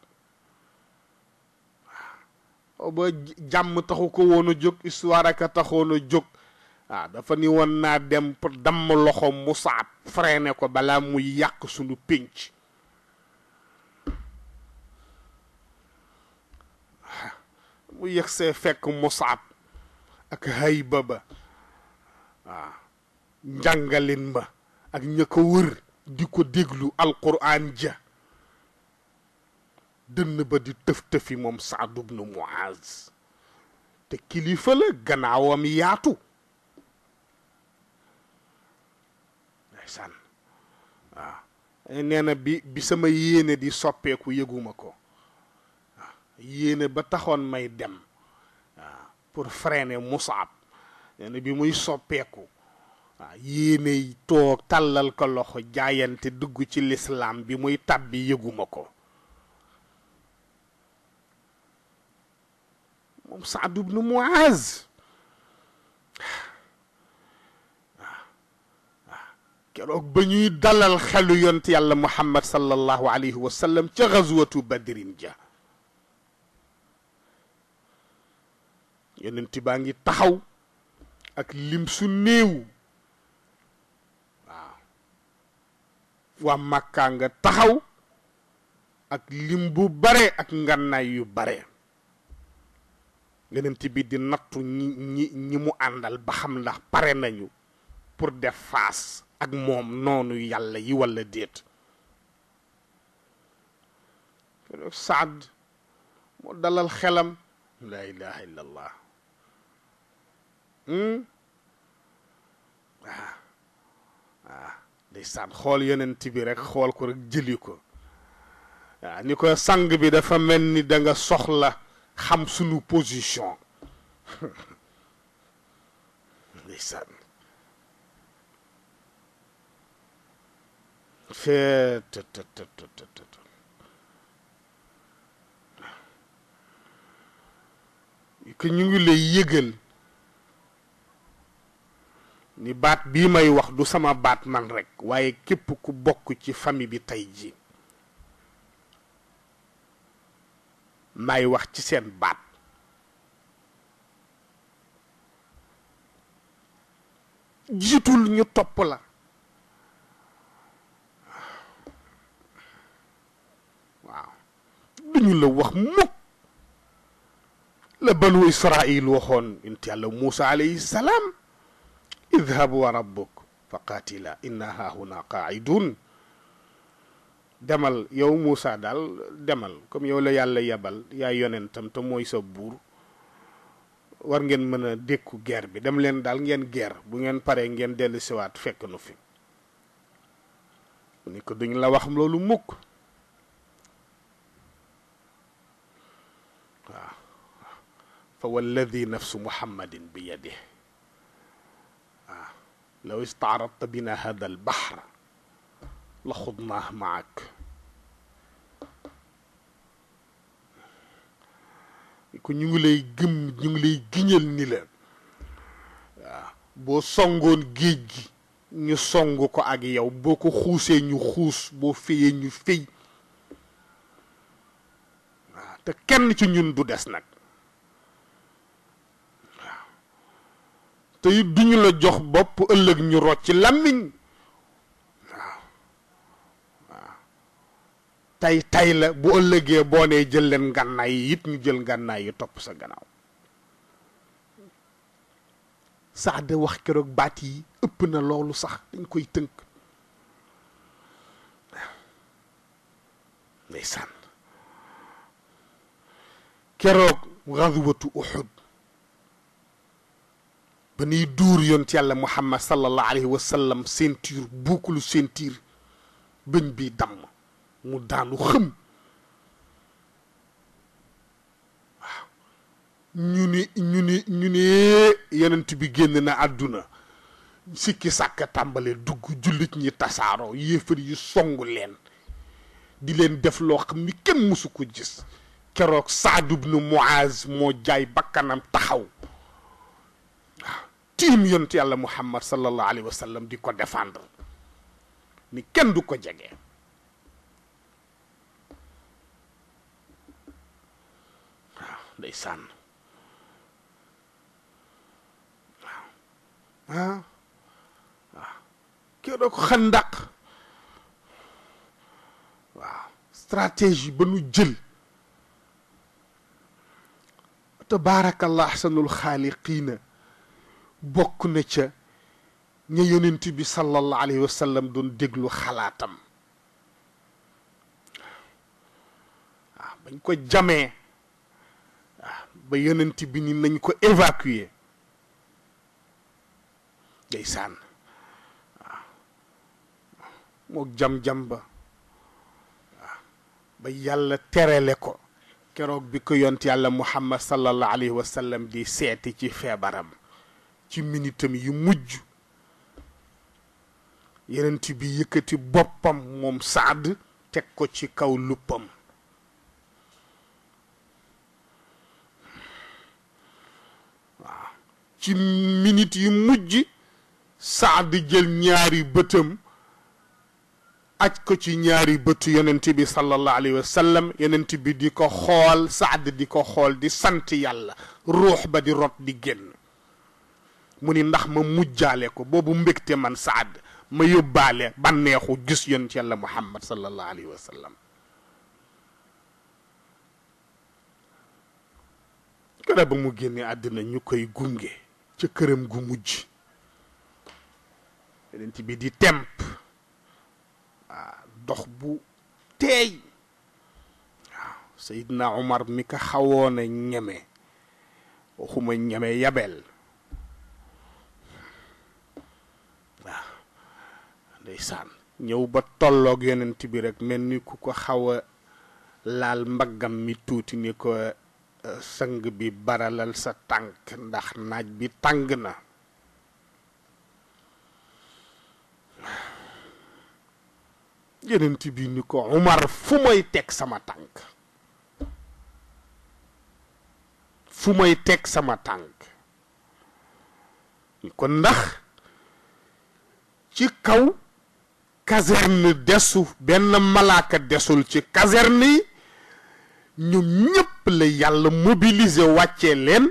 ba jam taxu ko wonu juk histoire ka taxoon juk ah dafa ni won na dem dam loxo musab freiné ko bala muy yak sunu pinch mu se fek musab ak hayba Ah, waaw njàngalin ba ak ñeko wër di ko déglu alquran ja dënn ba di tëf-tëfi moom Saad ibnu Muaz te kilifa la gannaawam yaatu ndeysaan waaw eh, bi bi sama yéene di soppeeku yëguma ko yéene ba taxoon may dem pour freiner Musab nee bi muy soppeeku waaw yéeney toog tàllal ko loxo jaayante dugg ci lislaam bi muy tàbbi yëguma ko moom Saad ibnu Muaz keroog ba ñuy dalal xelu yont yàlla muhammad sallallahu alayhi wa sallam ca xaswatu badrin ja yonent baa ngi taxaw ak lim su néew waa Makka nga taxaw ak lim bu bare ak ngànnaay yu bare yonent bi di nattu ñi ñi ñi mu àndal ba xam ndax pare nañu pour def face ak moom noonu yàlla yi walla déet Saad moo dalal xelam laa ilaha illa waaw hmm? ah. ah. san xool yonent bi rek xool ko rek jëli ko waaw ni ko sang bi dafa mel ni danga nga soxla xam sunu position [LAUGHS] ndeysaan fet que ñu ngi lay yëgal ni baat bii may wax du sama baat man rekk waaye képp ku bokk ci famille bi tey ji may wax ci seen baat jiitul ñu topp la waaw duñu la wax mukk la banu israil waxoon yonent yàlla Muusa alayhi salaam idhab wa rabbuk fakatila. inna hahuna qa'idun demal yow musa dal demal comme yow la yàlla yebal yaa yonentam Wargen mana sa buur war ngeen mën a dékku guerre bi dem len dal ngeen guerre bu ngeen paree ngeen fekk nu fi ni ko duñ la wax loolu mukk fa walladi nafsu muhammadin bi لو استعرضت بنا هذا البحر لخضناه معك ko ñu ngi lay gëm ñu ngi lay giñal ni leen waaw boo songoon géej gi ñu song ko ak yow boo ko xuusee ñu xuus boo feyee ñu fey waaw te kenn ci ñun du des nag te it duñu la jox bopp ëllëg ñu rocc ci làmmiñ waaw waaw tey tey la bu ëllëgee boo nee jël leen ngànnaay yi it ñu jël ngànnaay yi topp sa gannaaw sax de wax keroog baat yi ëpp na loolu sax dañ koy tënk waaw ndeysaan keroog xazwatu Uhud ba nuy duur yoon ci yàlla muhammad sallallahu alayhi wa sallam ceinture buukulu bëñ bi damm mu daanu xëm waaw ñu ni ñu ni ñu ni yenent bi génn na àdduna sikki sàkk tàmbale dugg jullit ñi tasaaroo yéefar yu songu leen di leen def loo xam ni kenn mësu ko gis keroog Saad ibnu Muaz moo jaay bakkanam taxaw tiim yonent yàlla muhammad sallallahu alayhi wa di ko défendre ni kenn du ko jege waaw day sànn waaw ah waaw waaw stratégie ba nu jël tabaarakallah ahsanul xaaliqiina bokk na ca ña yonent bi sallallahu alayhi wa sallam doon déglu xalaatam waaw ah, bañ ko jamee ah, ba yonent bi ni nañ ko évacuer ndeysaan waaw ah, mook jam-jam ba ba yàlla terele ko keroog bi ko yont yàlla muhammad sallallahu alayhi wa sallam di seeti ci feebaram ci minitam yu mujj yenent bi yëkkati boppam moom saad teg ko ci kaw luppam waaw ci minit yu mujj saad jël ñaari bëtam aj ko ci ñaari bët yenent bi sallallahu alayhi wa sallam yonent bi di ko xool saad di ko xool di sant yàlla ruux ba di rot di génn mu ni ndax ma mujjaale ko boobu mbégte man saad ma yóbbaale banneexu gis yonent yàlla muhammad sallallahu alayhi wa sallam mu génne àddina ñu koy gunge ca këram gu mujj yonent bi di temp ah, dox bu teey waaw ah, Seydina Omar mi ko xawoon a ñeme waxuma ñeme yabel ndeysaan ñëw ba tolloog yonent bi rek mel ni ku ko xaw a laal mbaggam mi tuuti ni ko eh, sang bi baralal sa tànk ndax naaj bi tàng na yonent bi ni ko Umar fu may teg sama tànk fu may teg sama tànk ni ko ndax ci kaw caserne desu ben malaka desul ci caserne ñu ñoom ñépp la yàlla mobiliser wacce len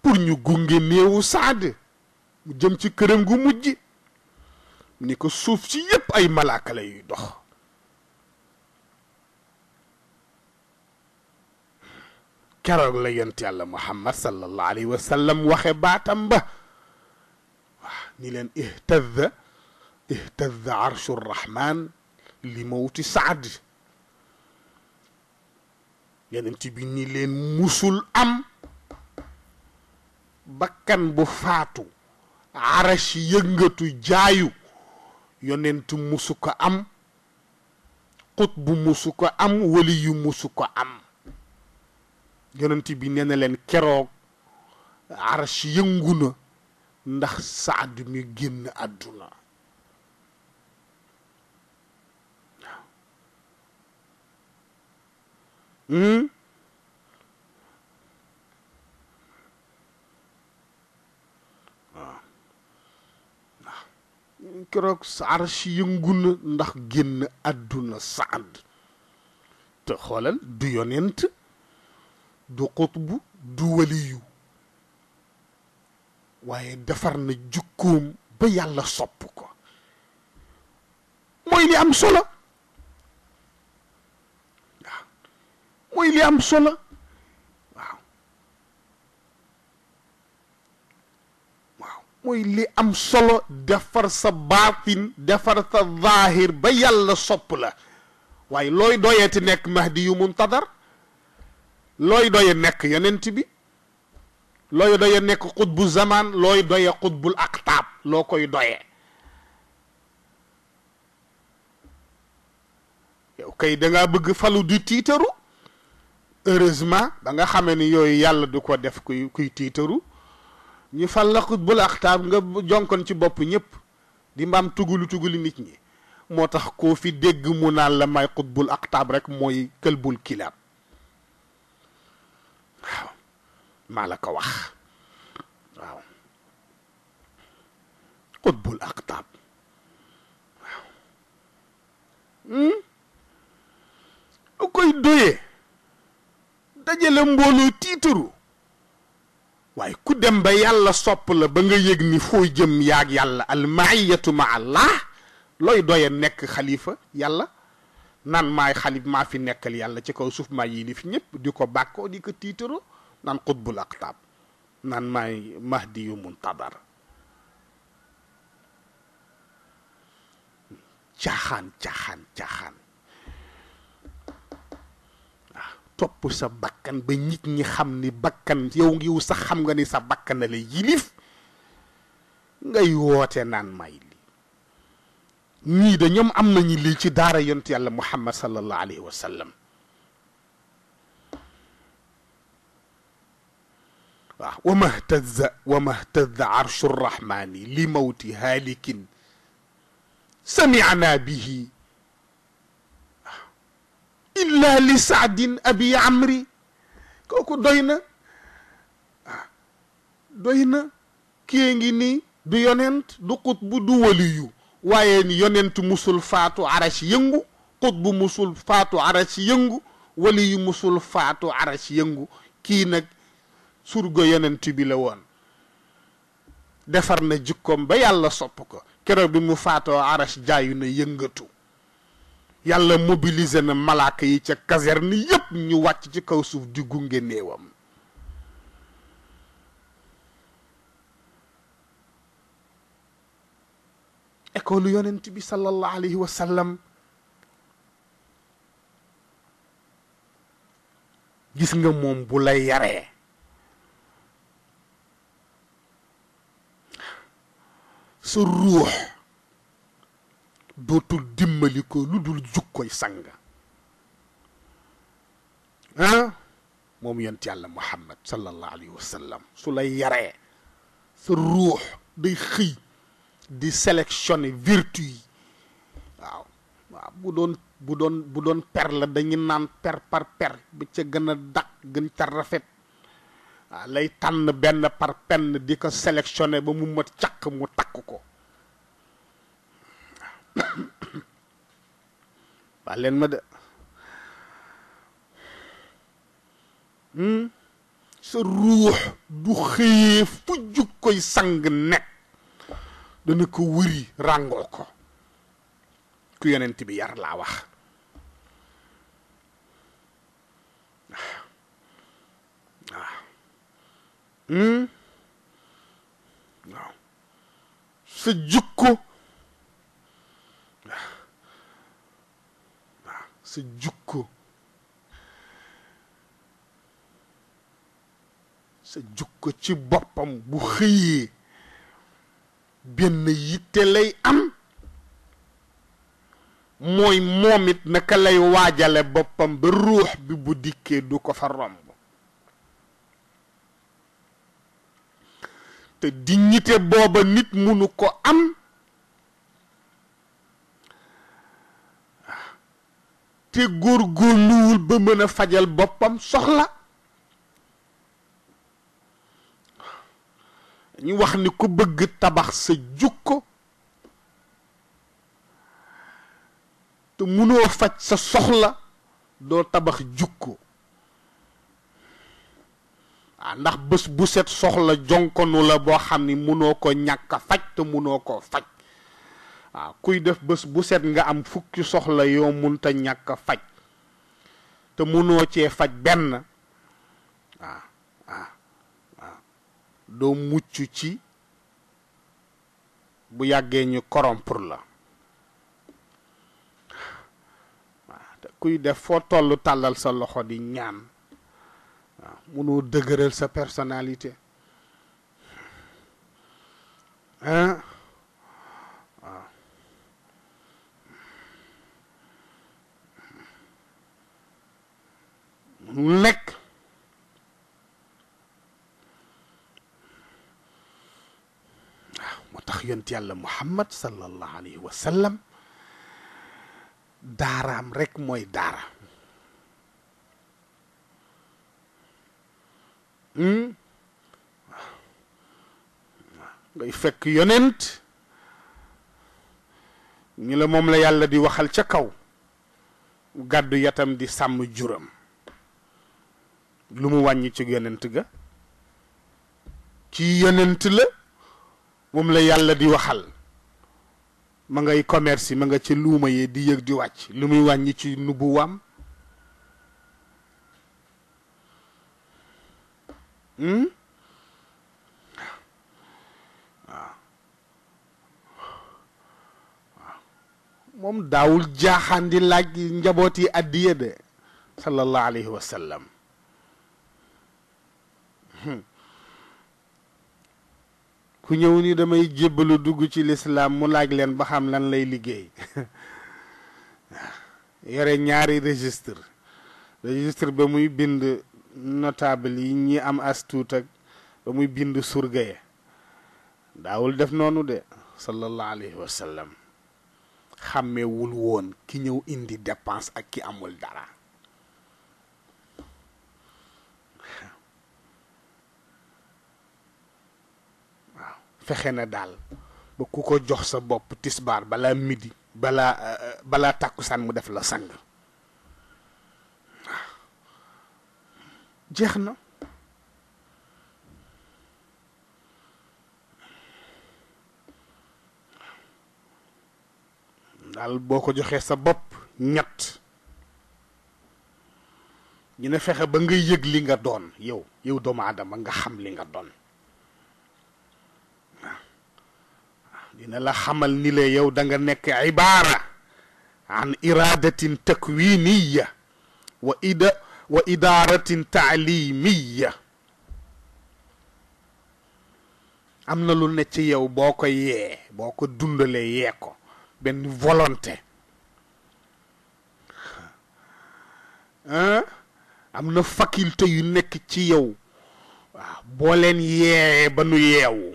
pour ñu gunge newu sad mu jëm ci kërëm gu mujj ni ko suuf ci yépp ay malaka lay dox keroog la yent yàlla muhammad sallallahu alayhi wasallam waxe batam ba waa ni leen ihtadda ihtazza arshu rahman li mawti saadi yenent bi ni leen musul am bakkan bu faatu arash yëngatu jaayu yonent musu ko am xutbu musu ko am wali musu ko am yonent bi nee leen keroog arash yëngu ndax saad mi génn àdduna Hmm? waaw ah. ndax keroog arsh yëngu na ndax génn àdduna saad te xoolal du yonent du xutb du waliyu waaye defar na jukkoom ba yàlla sopp ko mooy li am solo mooy li am solo waaw li am solo defar sa baatin defar sa zaahir ba yàlla sopp la waaye looy doyati nekk mahdi yu muntadar looy doye nekk yonent bi looy doye nekk xutbu zaman looy doye xutbul aktaab loo koy doye yow kay da bëgg falu di tiitaru heureusement ba nga xamee ni yooyu yàlla du ko def kuy kuy tiitaru ñu fal la xutbul axtaab nga jonkon ci bopp ñëpp di mbaam tugulu tugulu nit ñi moo tax koo fi dégg mu naa la may xutbul axtaab rek mooy këlbul kilaab waaw maa la ko wax waaw xutbul axtaab waaw hmm? lu koy doyee dajale mbooloo tiitaru waaye ku dem ba yàlla sopp la ba nga yëg ni foo jëm yaag yàlla almaiyatu ma allah looy doye nekk xalifa yàlla naan maay xalif maa fi nekkal yàlla ci kaw suuf maa yilif ñëpp di ko bàkkoo di ko tiitaro naan xutbul aqtaab naan maay mahdi yu muntadar caaxaan caaxaan caaxaan top sa bakkan ba nit ñi xam ni bakkan yow ngi wu sax xam nga ni sa bakkan la yilif ngay wote nan may li ni de ñom am nañu li ci daara yont yàlla muhammad sallallahu alayhi wa sallam waaw wa mahtazza wa mahtazza arshu rrahmani li mawti haalikin samicna bihi illa li saadin abi amri kooku doy na ah, doy na kii ngi nii du yonent du xutbu du waliyu waaye ni yonent musul faatu arash yëngu xutbu musul faatu arash yëngu waliyu musul faatu arash yëngu kii nag surgo yonent bi la woon defar na jikkoom ba yàlla sopp ko keroog bi mu faatoo arash jaayu na yëngatu yàlla mobiliser na malaaka yi ca caserne yépp ñu wàcc ci kaw suuf di gunge néewam école yonent bi sallallahu alayhi wa sallam gis nga moom bu la yare sa ruux dootul dimbali ko lu dul jukkoy sang ah moom yent yàlla muhammad sallallahu alayhi wa sallam su lay yaree sa ruux day xëy di sélectionner vertu yi waaw waaw bu doon bu doon bu doon per la dañu naan per par per bi ca gën a dàq gën ca rafet waaw lay tànn benn par benn di ko sélectionner ba mu mat càkk mu takk ko [COUGHS] baal leen ma de hmm? sa ruux du xëyee fu jug koy sang nekk dana ko wëri ràngoo ko ku yonent bi yar laa wax hmm? sa jukko sa jukko sa jukko ci boppam bu xëyee benn yitte lay am mooy moomit naka lay waajale boppam ba ruux bi bu dikkee du ko fa romb te dignité booba nit mënu ko am te góorgóorluwul ba mën a fajal boppam soxla ñu wax ni ku bëgg tabax sa jukko te mënoo faj sa soxla doo tabax jukko ah ndax bés bu set soxla jonkonu la boo xam ni mënoo ko ñàkk faj te mënoo ko faj waaw kuy def buset bu set nga am fukki soxla mun ta ñàkk faj te mëno ci faj ben ah ah waaw do mucc ci bu yagge ñu corrompre la kuy def fo tollu talal sa loxo di ñaan mëno munoo sa personnalité lekk waaw moo tax yont yàlla muhammad sallallahu alayhi daaraam rekk mooy daara hmm? waaw ngay fekk yonent ñu la moom la yàlla di waxal ca kaw gàddu yatam di sàmm juram lu mu wàññi ci yonent ga ci yonent la moom la yàlla di waxal ma ngay commerce yi ma nga ci luuma yi di yëg di wàcc lu muy wàññi ci nubuwaam hmm? waaw moom daawul jaaxaan di laaj njaboot yi addiya de sallallahu alayhi wa sallam ku ñëw ni damay jébbalu dugg ci lislaam mu laaj leen ba xam lan lay liggéey [LAUGHS] yore ñaari registre registre ba muy bind notable yi ñi am as ak ba muy bind surga daawul def noonu de sallallahu alayhi wa xàmmewul woon ki ñëw indi dépense ak ki amul dara fexe na daal ba ku ko jox sa bopp tisbaar balaa midi balaa euh, balaa tàkkusaan mu def la sang jeex na daal boo ko joxee sa bopp ñett ñu ne fexe ba nga yëg li nga doon yow yow doomu aadama nga xam li nga doon dina la xamal ni la yow danga nekk ibaara an iradatin takwiniya wa ida wa idaaratin taalimiya am na lu ne ci yow boo ko yee boo ko dundalee yee ko benn volonté am na faculté yu nekk ci yow waaw boo leen yeewee ba nu yeewu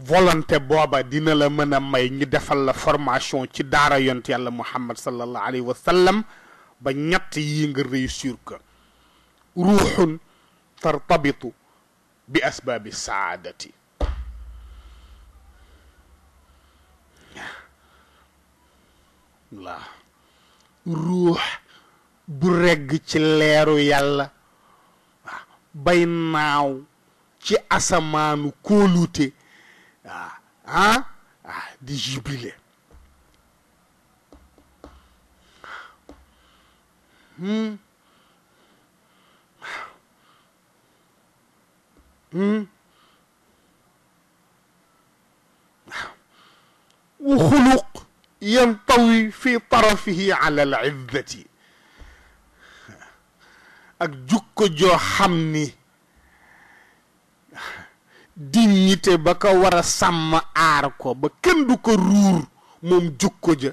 volonté booba dina la mën a may ñi defal la formation ci daara yont yàlla muhammad sallallahu alayhi wa ba ñett yi nga réussir ko ruuxun tartabitu bi asbaabi saadati waaw ruux bu regg ci leeru yàlla waaw bay naaw ci asamaanu kóolute دي جبريل وخلق ينطوي في طرفه على العذة أكجوك جو حمني dignité ba ko war sàmm aar ko ba kenn du ko ruur moom jukko ja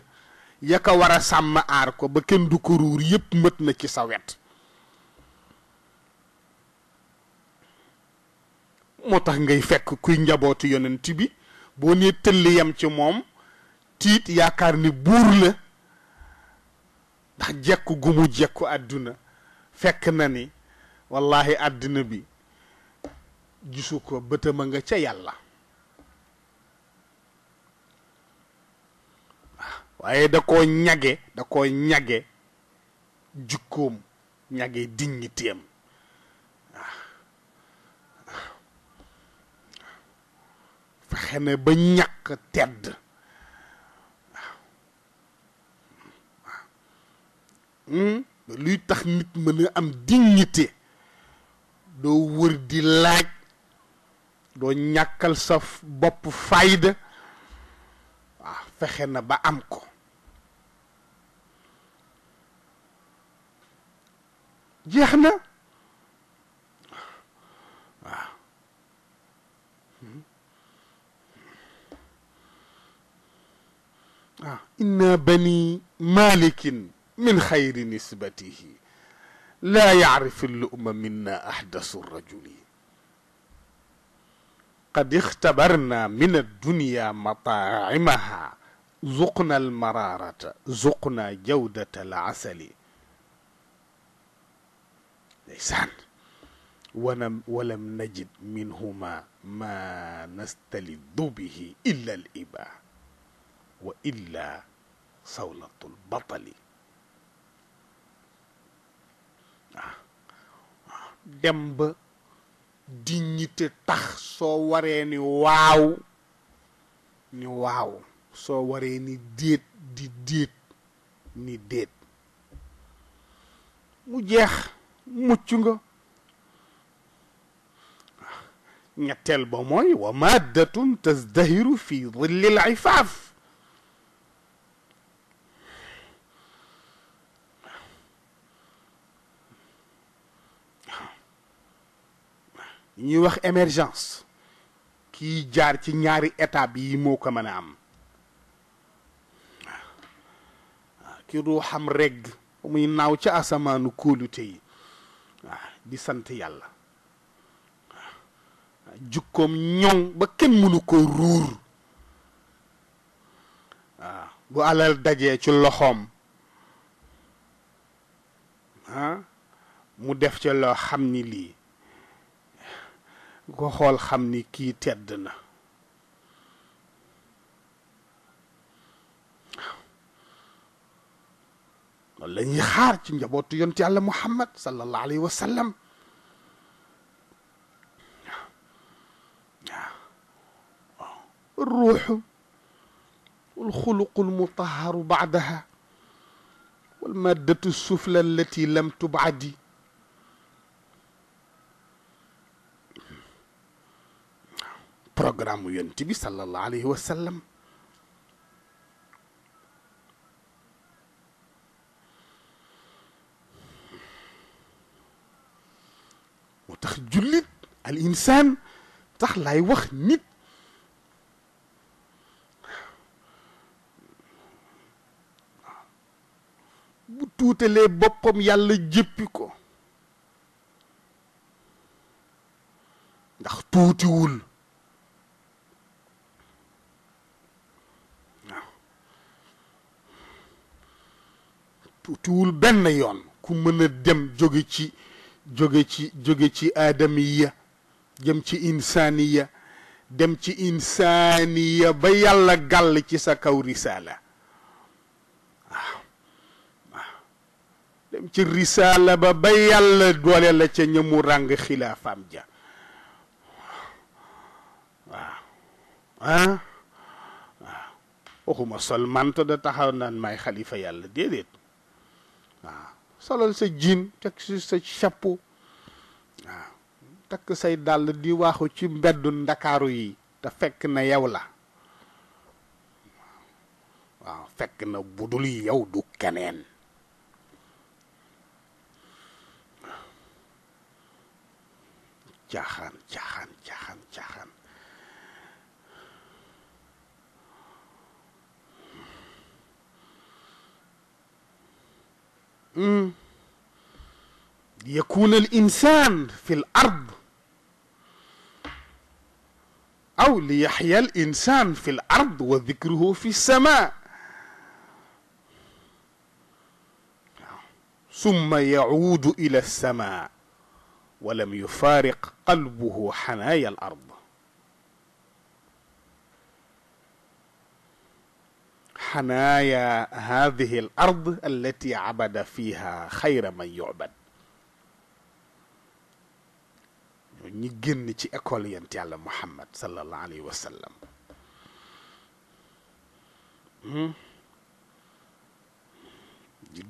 ya ko wara sàmm aar ko ba kenn du ko ruur yépp mët na ci sa wet moo tax ngay fekk kuy njabootu yonent bi boo nee tëll yam ci moom tiit yaakaar ni buur la ndax jekku gu mu jekku àdduna fekk na ni wallahi àdduna bi gisu ko bëtam nga ca yàlla ah, waaye da ko ñage da ko ñage jukkoom ñage digniteem ah, ah, fexe na ba ñàkk tedd hmm? luy tax nit mën am dignité doo wër di laaj do ñàkkal sa bopp fayda waaw fexe na ba am ko jeex na waaw waaw inna bani malikin min xayri nisbatihi laa yacrifu luma minna ahdasu rajuli قد اختبرنا من الدنيا مطاعمها زقنا المرارة زقنا جودة العسل ليسان ولم نجد منهما ما نستلذ به إلا الإباء وإلا صولة البطل دمب آه. آه. di dignité tax soo waree ni waaw ni waaw soo waree ni déet di déet ni déet mu jeex mucc nga ñetteel ba mooy wa maddatun tazdahiru fi dhilli al ifaaf ñuy wax émergence kiy jaar ci ñaari étape yi moo ko mën a am waaw ki ruuxam regg muy naaw ca asamaanu kóolute yi waaw di sant yàlla waaw jukkoom ñoŋ ba kenn mënu ko ruur waaw bu alal dajee ci loxoom mu def ca loo xam ni lii ku ko xool xam ni kii tedd na waaw la ñuy xaar ci njabootu yonti yàlla muhammad sallallahu alayhi wa sallam waaw والخلق المطهر بعدها والمادة السفلى التي لم تبعد programme yonent bi sallallahu alayhi wa sallam moo tax jullit al insaan tax laay wax nit bu tuutalee boppam yàlla jéppi ko ndax tuutiwul tuul benn yoon ku mën a dem jóge ci jóge ci jóge ci aadamiya jëm ci insaaniya dem ci insaaniya ba yàlla gàll ci sa kaw risaala waaw waaw dem ci risaala ba ba yàlla doole la ca ñëmu ràng xilaafaam ja waaw ah, waxuma sol manto da taxaw naan maay xalifa yàlla déedéet solal sa jin teg si sa chapeau ah, tak say dal di waxu ci mbeddu ndakaaru yi ta fekk na yaw la wa fekk na budul yaw du kenen jahan jahan يكون الإنسان في الأرض أو ليحيا الإنسان في الأرض وذكره في السماء ثم يعود إلى السماء ولم يفارق قلبه حنايا الأرض حنايا هذه الأرض التي عبد فيها خير من يعبد نجنتي أكولي أنت على محمد صلى الله عليه وسلم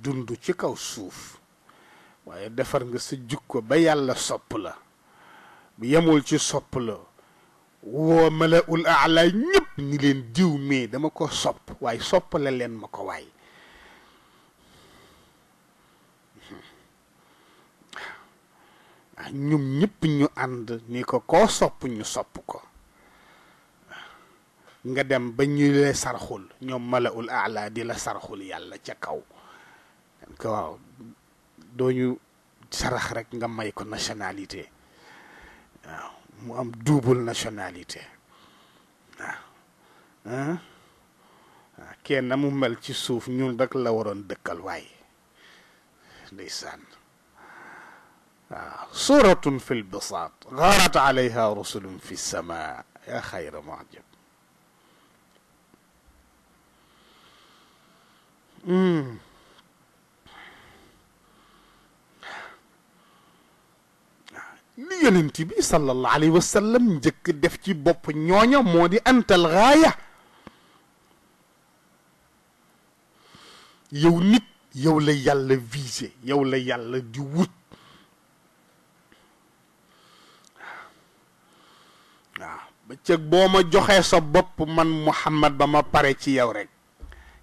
dund ci kaw suuf waaye defar nga sa jukko ba yàlla sopp la bu yemul ci sopp la woo malaul ala ñëpp ni leen diw mee dama ko sopp waaye soppala leen ma ko waay ñum hmm. ñëpp ñu ànd ni ko koo sopp ñu sopp ko nga dem ba ñu la sarxul ñoom malaul ala di la sarxul yàlla ca kaw ko waaw doo ñu sarax rek nga may ko nationalité waaw mu am double nationalité waaw kenn mu mel ci souf ñun rek la waron dëkkal way ndeysaan waaw suratun fi lbisaat gaarat alayha rusulun fi lsama ya xayra muajab li yonent bi sallallahu alayhi njëkk def ci bopp ñooño moo di antal gaaya yow nit yow la yàlla visé yow la yàlla di wut waaw ba cëg boo ma joxee sa bopp man Muhammad ba ma pare ci yow rekk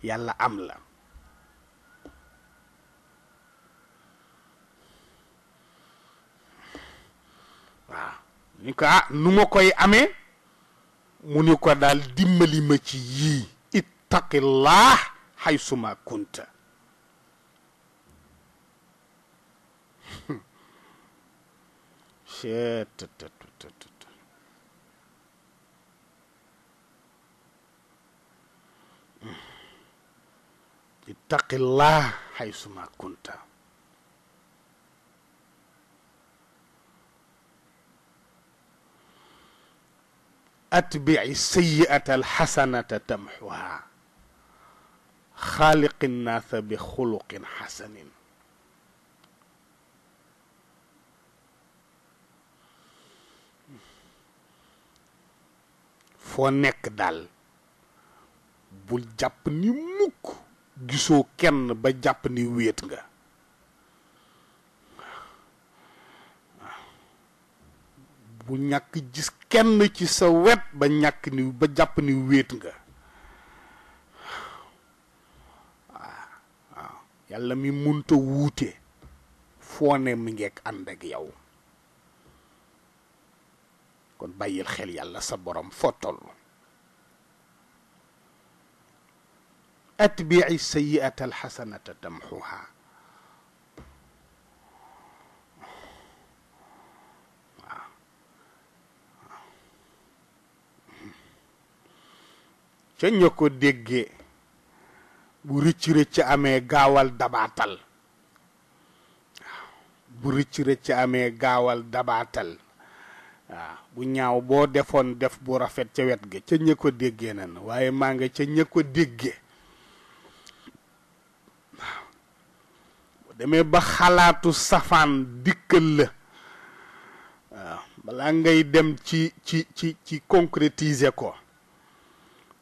yàlla am la ñu ko ah nu ma koy ame mu ni ko daal dimbali ma ci yii ittaqillah xaysuma kunta ittaqillah xaysuma kunta أتبع السيئة الحسنة تمحوها خالق الناس بخلق حسن فونك دال بول جابني موك جسو كن بجابني ويتنغا bu ñàkk gis kenn ci sa wet ba ñàkk ni ba jàpp ni wéet nga waaw yàlla mi munta wuute foo ne mi ngeeg ànd ak yow kon bàyyil xel yàlla sa borom foo toll atbii sayiata alxasanata tamxuha ca ña ko déggee bu rëcc rëcc amee gaawal dabaatal waaw bu ñaaw boo defoon def bu rafet ca wet ga ca ña ko déggee nan waaye maa nga ca ña ko déggee waaw bu demee ba xalaatu safaan dikkal la waaw balaa ngay dem ci ci ci ci concrétiser ko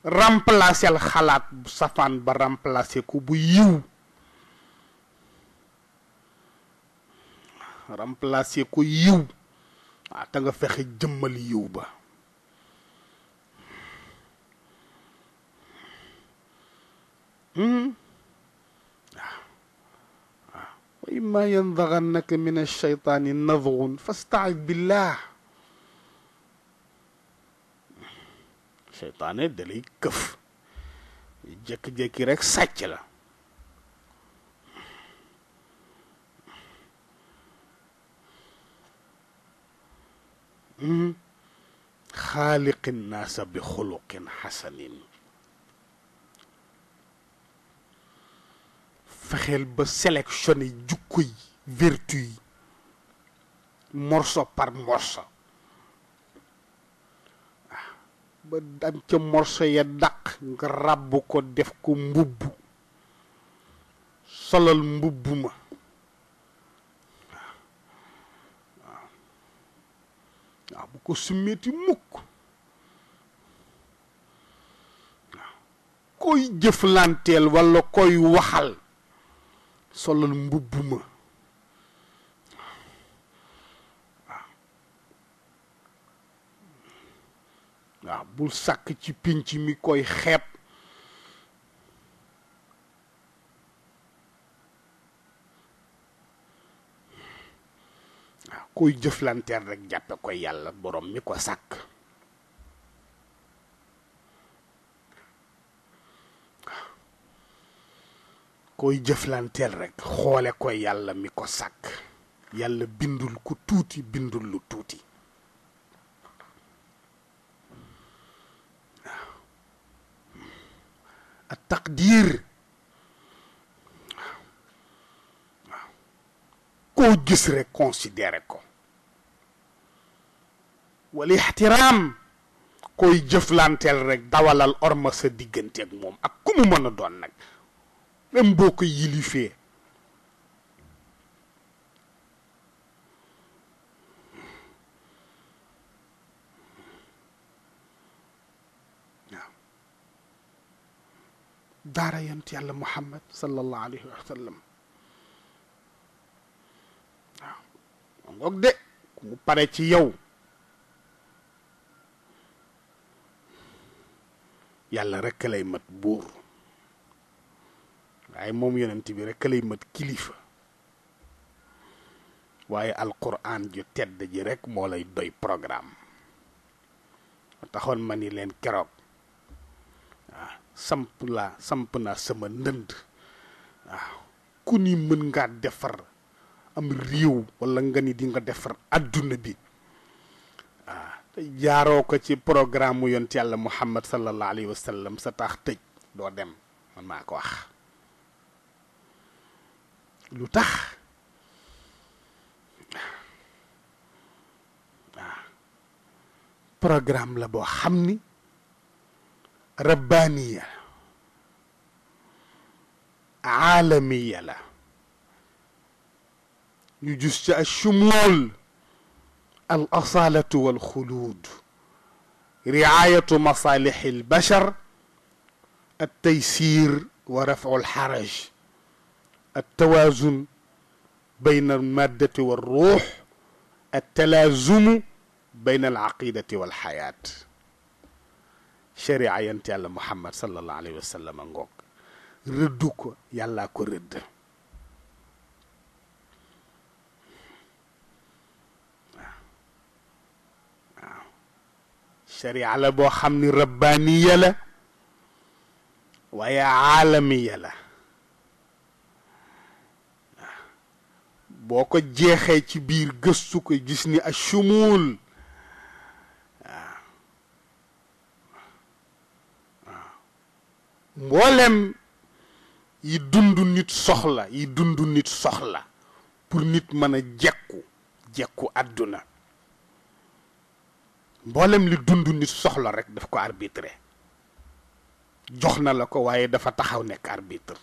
remplacer xalaat bu safan ba remplacer ko bu yiw remplacer ko yiw waaw te nga fexe jëmmal yiw ba hmm وإما ينزغنك من الشيطان نزغ فاستعذ بالله seytaane dalay këf jékki-jékki rek sàcc la hmm. xaaliqi naasa bi xuluqin xasanin fexeel ba vertu morceau par morceau ba am ca morso ya dàq nga ràbb ko def ko mbubb solal mbubb ma waaw bu ko summeeti mukk koy jëflanteel walla koy waxal solal mbubb ma waaw bul sàkk ci pinc mi koy xeeb waaw koy jëflanteer rek jàppe koy yàlla borom mi ko sàkk koy jëflanteel rekk xoole koy yàlla mi ko sàkk yàlla bindul ku tuuti bindul lu tuuti التقدير كو جس ريكونسيديري كو والاحترام كوي جفلانتل ريك داوالال اورما سا ديغنتك موم اك كومو مانا دون نك ميم بوكو يلي فيه دارا ينت يلا محمد صلى الله عليه وسلم نعم. وقد مباريك يو يلا ركلي مت بور اي موم يننتي بي ركلي مت كليفة واي القرآن جو تد جي مولاي دوي پروغرام تخون ماني لين كروك sampla sampna sama ndënd amriu ah, ku ni mën nga defar am riw wala nga ni di nga defar aduna bi ah ko ci programme yonti muhammad sallallahu alaihi wasallam sallam sa tax tej do dem man maa ko wax lutax ah, ah. programme la bo xamni ربانيه عالميه لا يجوز الشمول الاصاله والخلود رعايه مصالح البشر التيسير ورفع الحرج التوازن بين الماده والروح التلازم بين العقيده والحياه sharia yant yàlla muhammad sallallahu alayhi wa sallam ngoog rëddu ko yàllaa ko rëdd waaw waaw sharia la boo xam ni rabbaaniya la waaye aalamiya la boo ko jeexee ci biir gëstu ko gis ni a chumuul mboolem yi dund nit soxla yi dund nit soxla pour nit mën a jekku jekku àdduna mboolem li dund nit soxla rekk daf ko arbitré jox na la ko waaye dafa taxaw nekk arbitre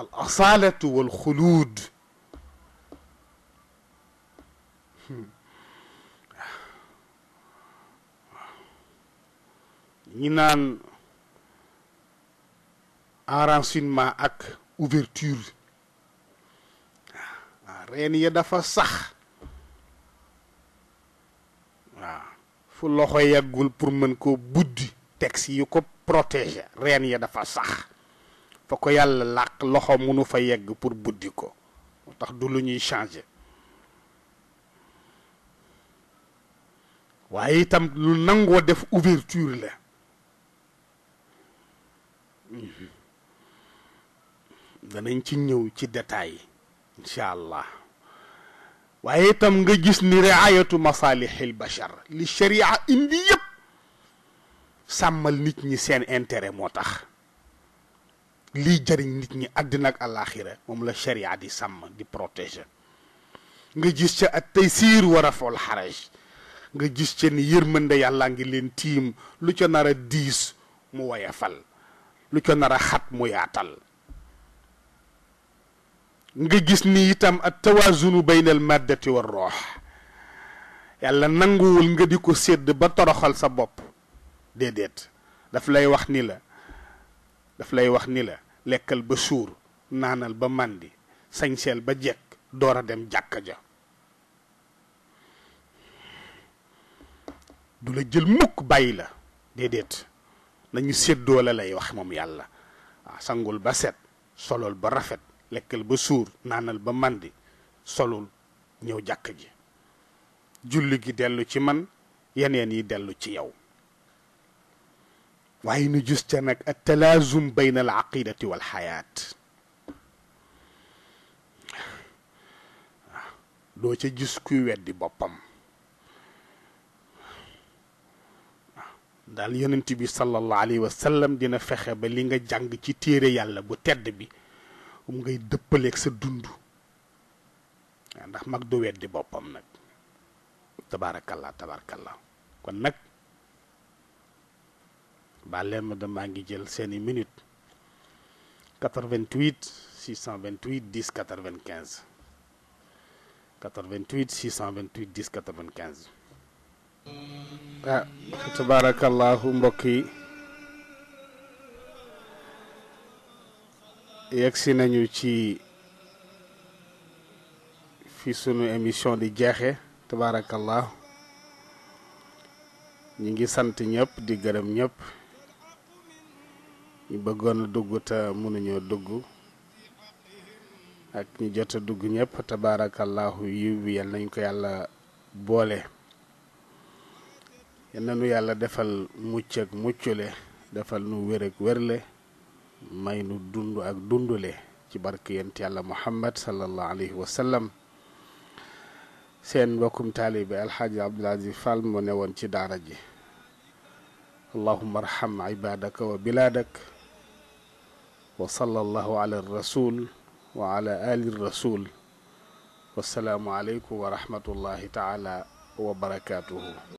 al asalatu wal xuluud ñi naan enracinement ak ouverture waaw reen ya dafa sax waaw fu loxo yàggul pour mën koo buddi texte yu ko protéger reen ya dafa sax fa ko yàlla làq loxo mënu fa yegg pour buddi ko moo tax du lu ñuy changer waaye itam lu nangoo def ouverture la danañ ci ñëw ci détail incha allah waaye itam nga gis ni riayatu masaalihil bachar li sharia indi yëpp sàmmal nit ñi seen intérêt moo tax lii jëriñ nit ñi àddina ak àllaaxira moom la sharia di sàmm di protége nga gis ca at taysiir wa raful xaraj nga gis ca ni yërmande yàllaa ngi leen tiim lu ca nara diis mu woya fal lu ca nar a xat mu yaatal nga gis ni itam at tawaazunu bayna al maddati wa roox yàlla nanguwul nga di ko sédd ba toroxal sa bopp déedéet daf lay wax ni la daf lay wax ni la lekkal ba suur naanal ba màndi sañseel ba jekk door a dem jàkka ja du la jël mukk bàyyi la déedéet nañu séddoo la lay wax moom yàlla sangul ba set solol ba rafet lekkal ba suur naanal ba màndi solul ñëw jàkk ji julli gi dellu ci man yeneen yi dellu ci yow waaye nu gis ca nag at talaazum bayna al aqidati wal xayaat doo ca gis kuy weddi boppam daal yonent bi sallallahu alayhi wa sallam dina fexe ba li nga jàng ci téere yàlla bu tedd bi mu ngay dëppaleeg sa dund ndax mag du weddi boppam nag tabaarakallaa tabaarakallaa kon nag bàlleen ma damaa ngi jël seeni minute 88 628 10 95 88 628 10 95 ah mbokk yi yegsi nañu ci fi sunu émission di jeexe tabaarakallaahu ñu ngi sant ñëpp di gërëm ñëpp ñu bëggoon a dugg te mënuñoo dugg ak ñu jot dugg ñëpp tabaarakallaahu yiw bi yal nañ ko yàlla boole yal nu yàlla defal mucc ak muccule defal nu wér ak wérle may nu dund ak dundule ci barke yent yàlla muhammad sallallahu alayhi wa seen mbokkum taalibe alxaaji abdul aziz fall ne woon ci daara ji allahuma arham ibadaka wa bilaadak wa sallallahu wa ala ali rasul wassalaamu aleykum wa rahmatullahi taala wa barakaatuhu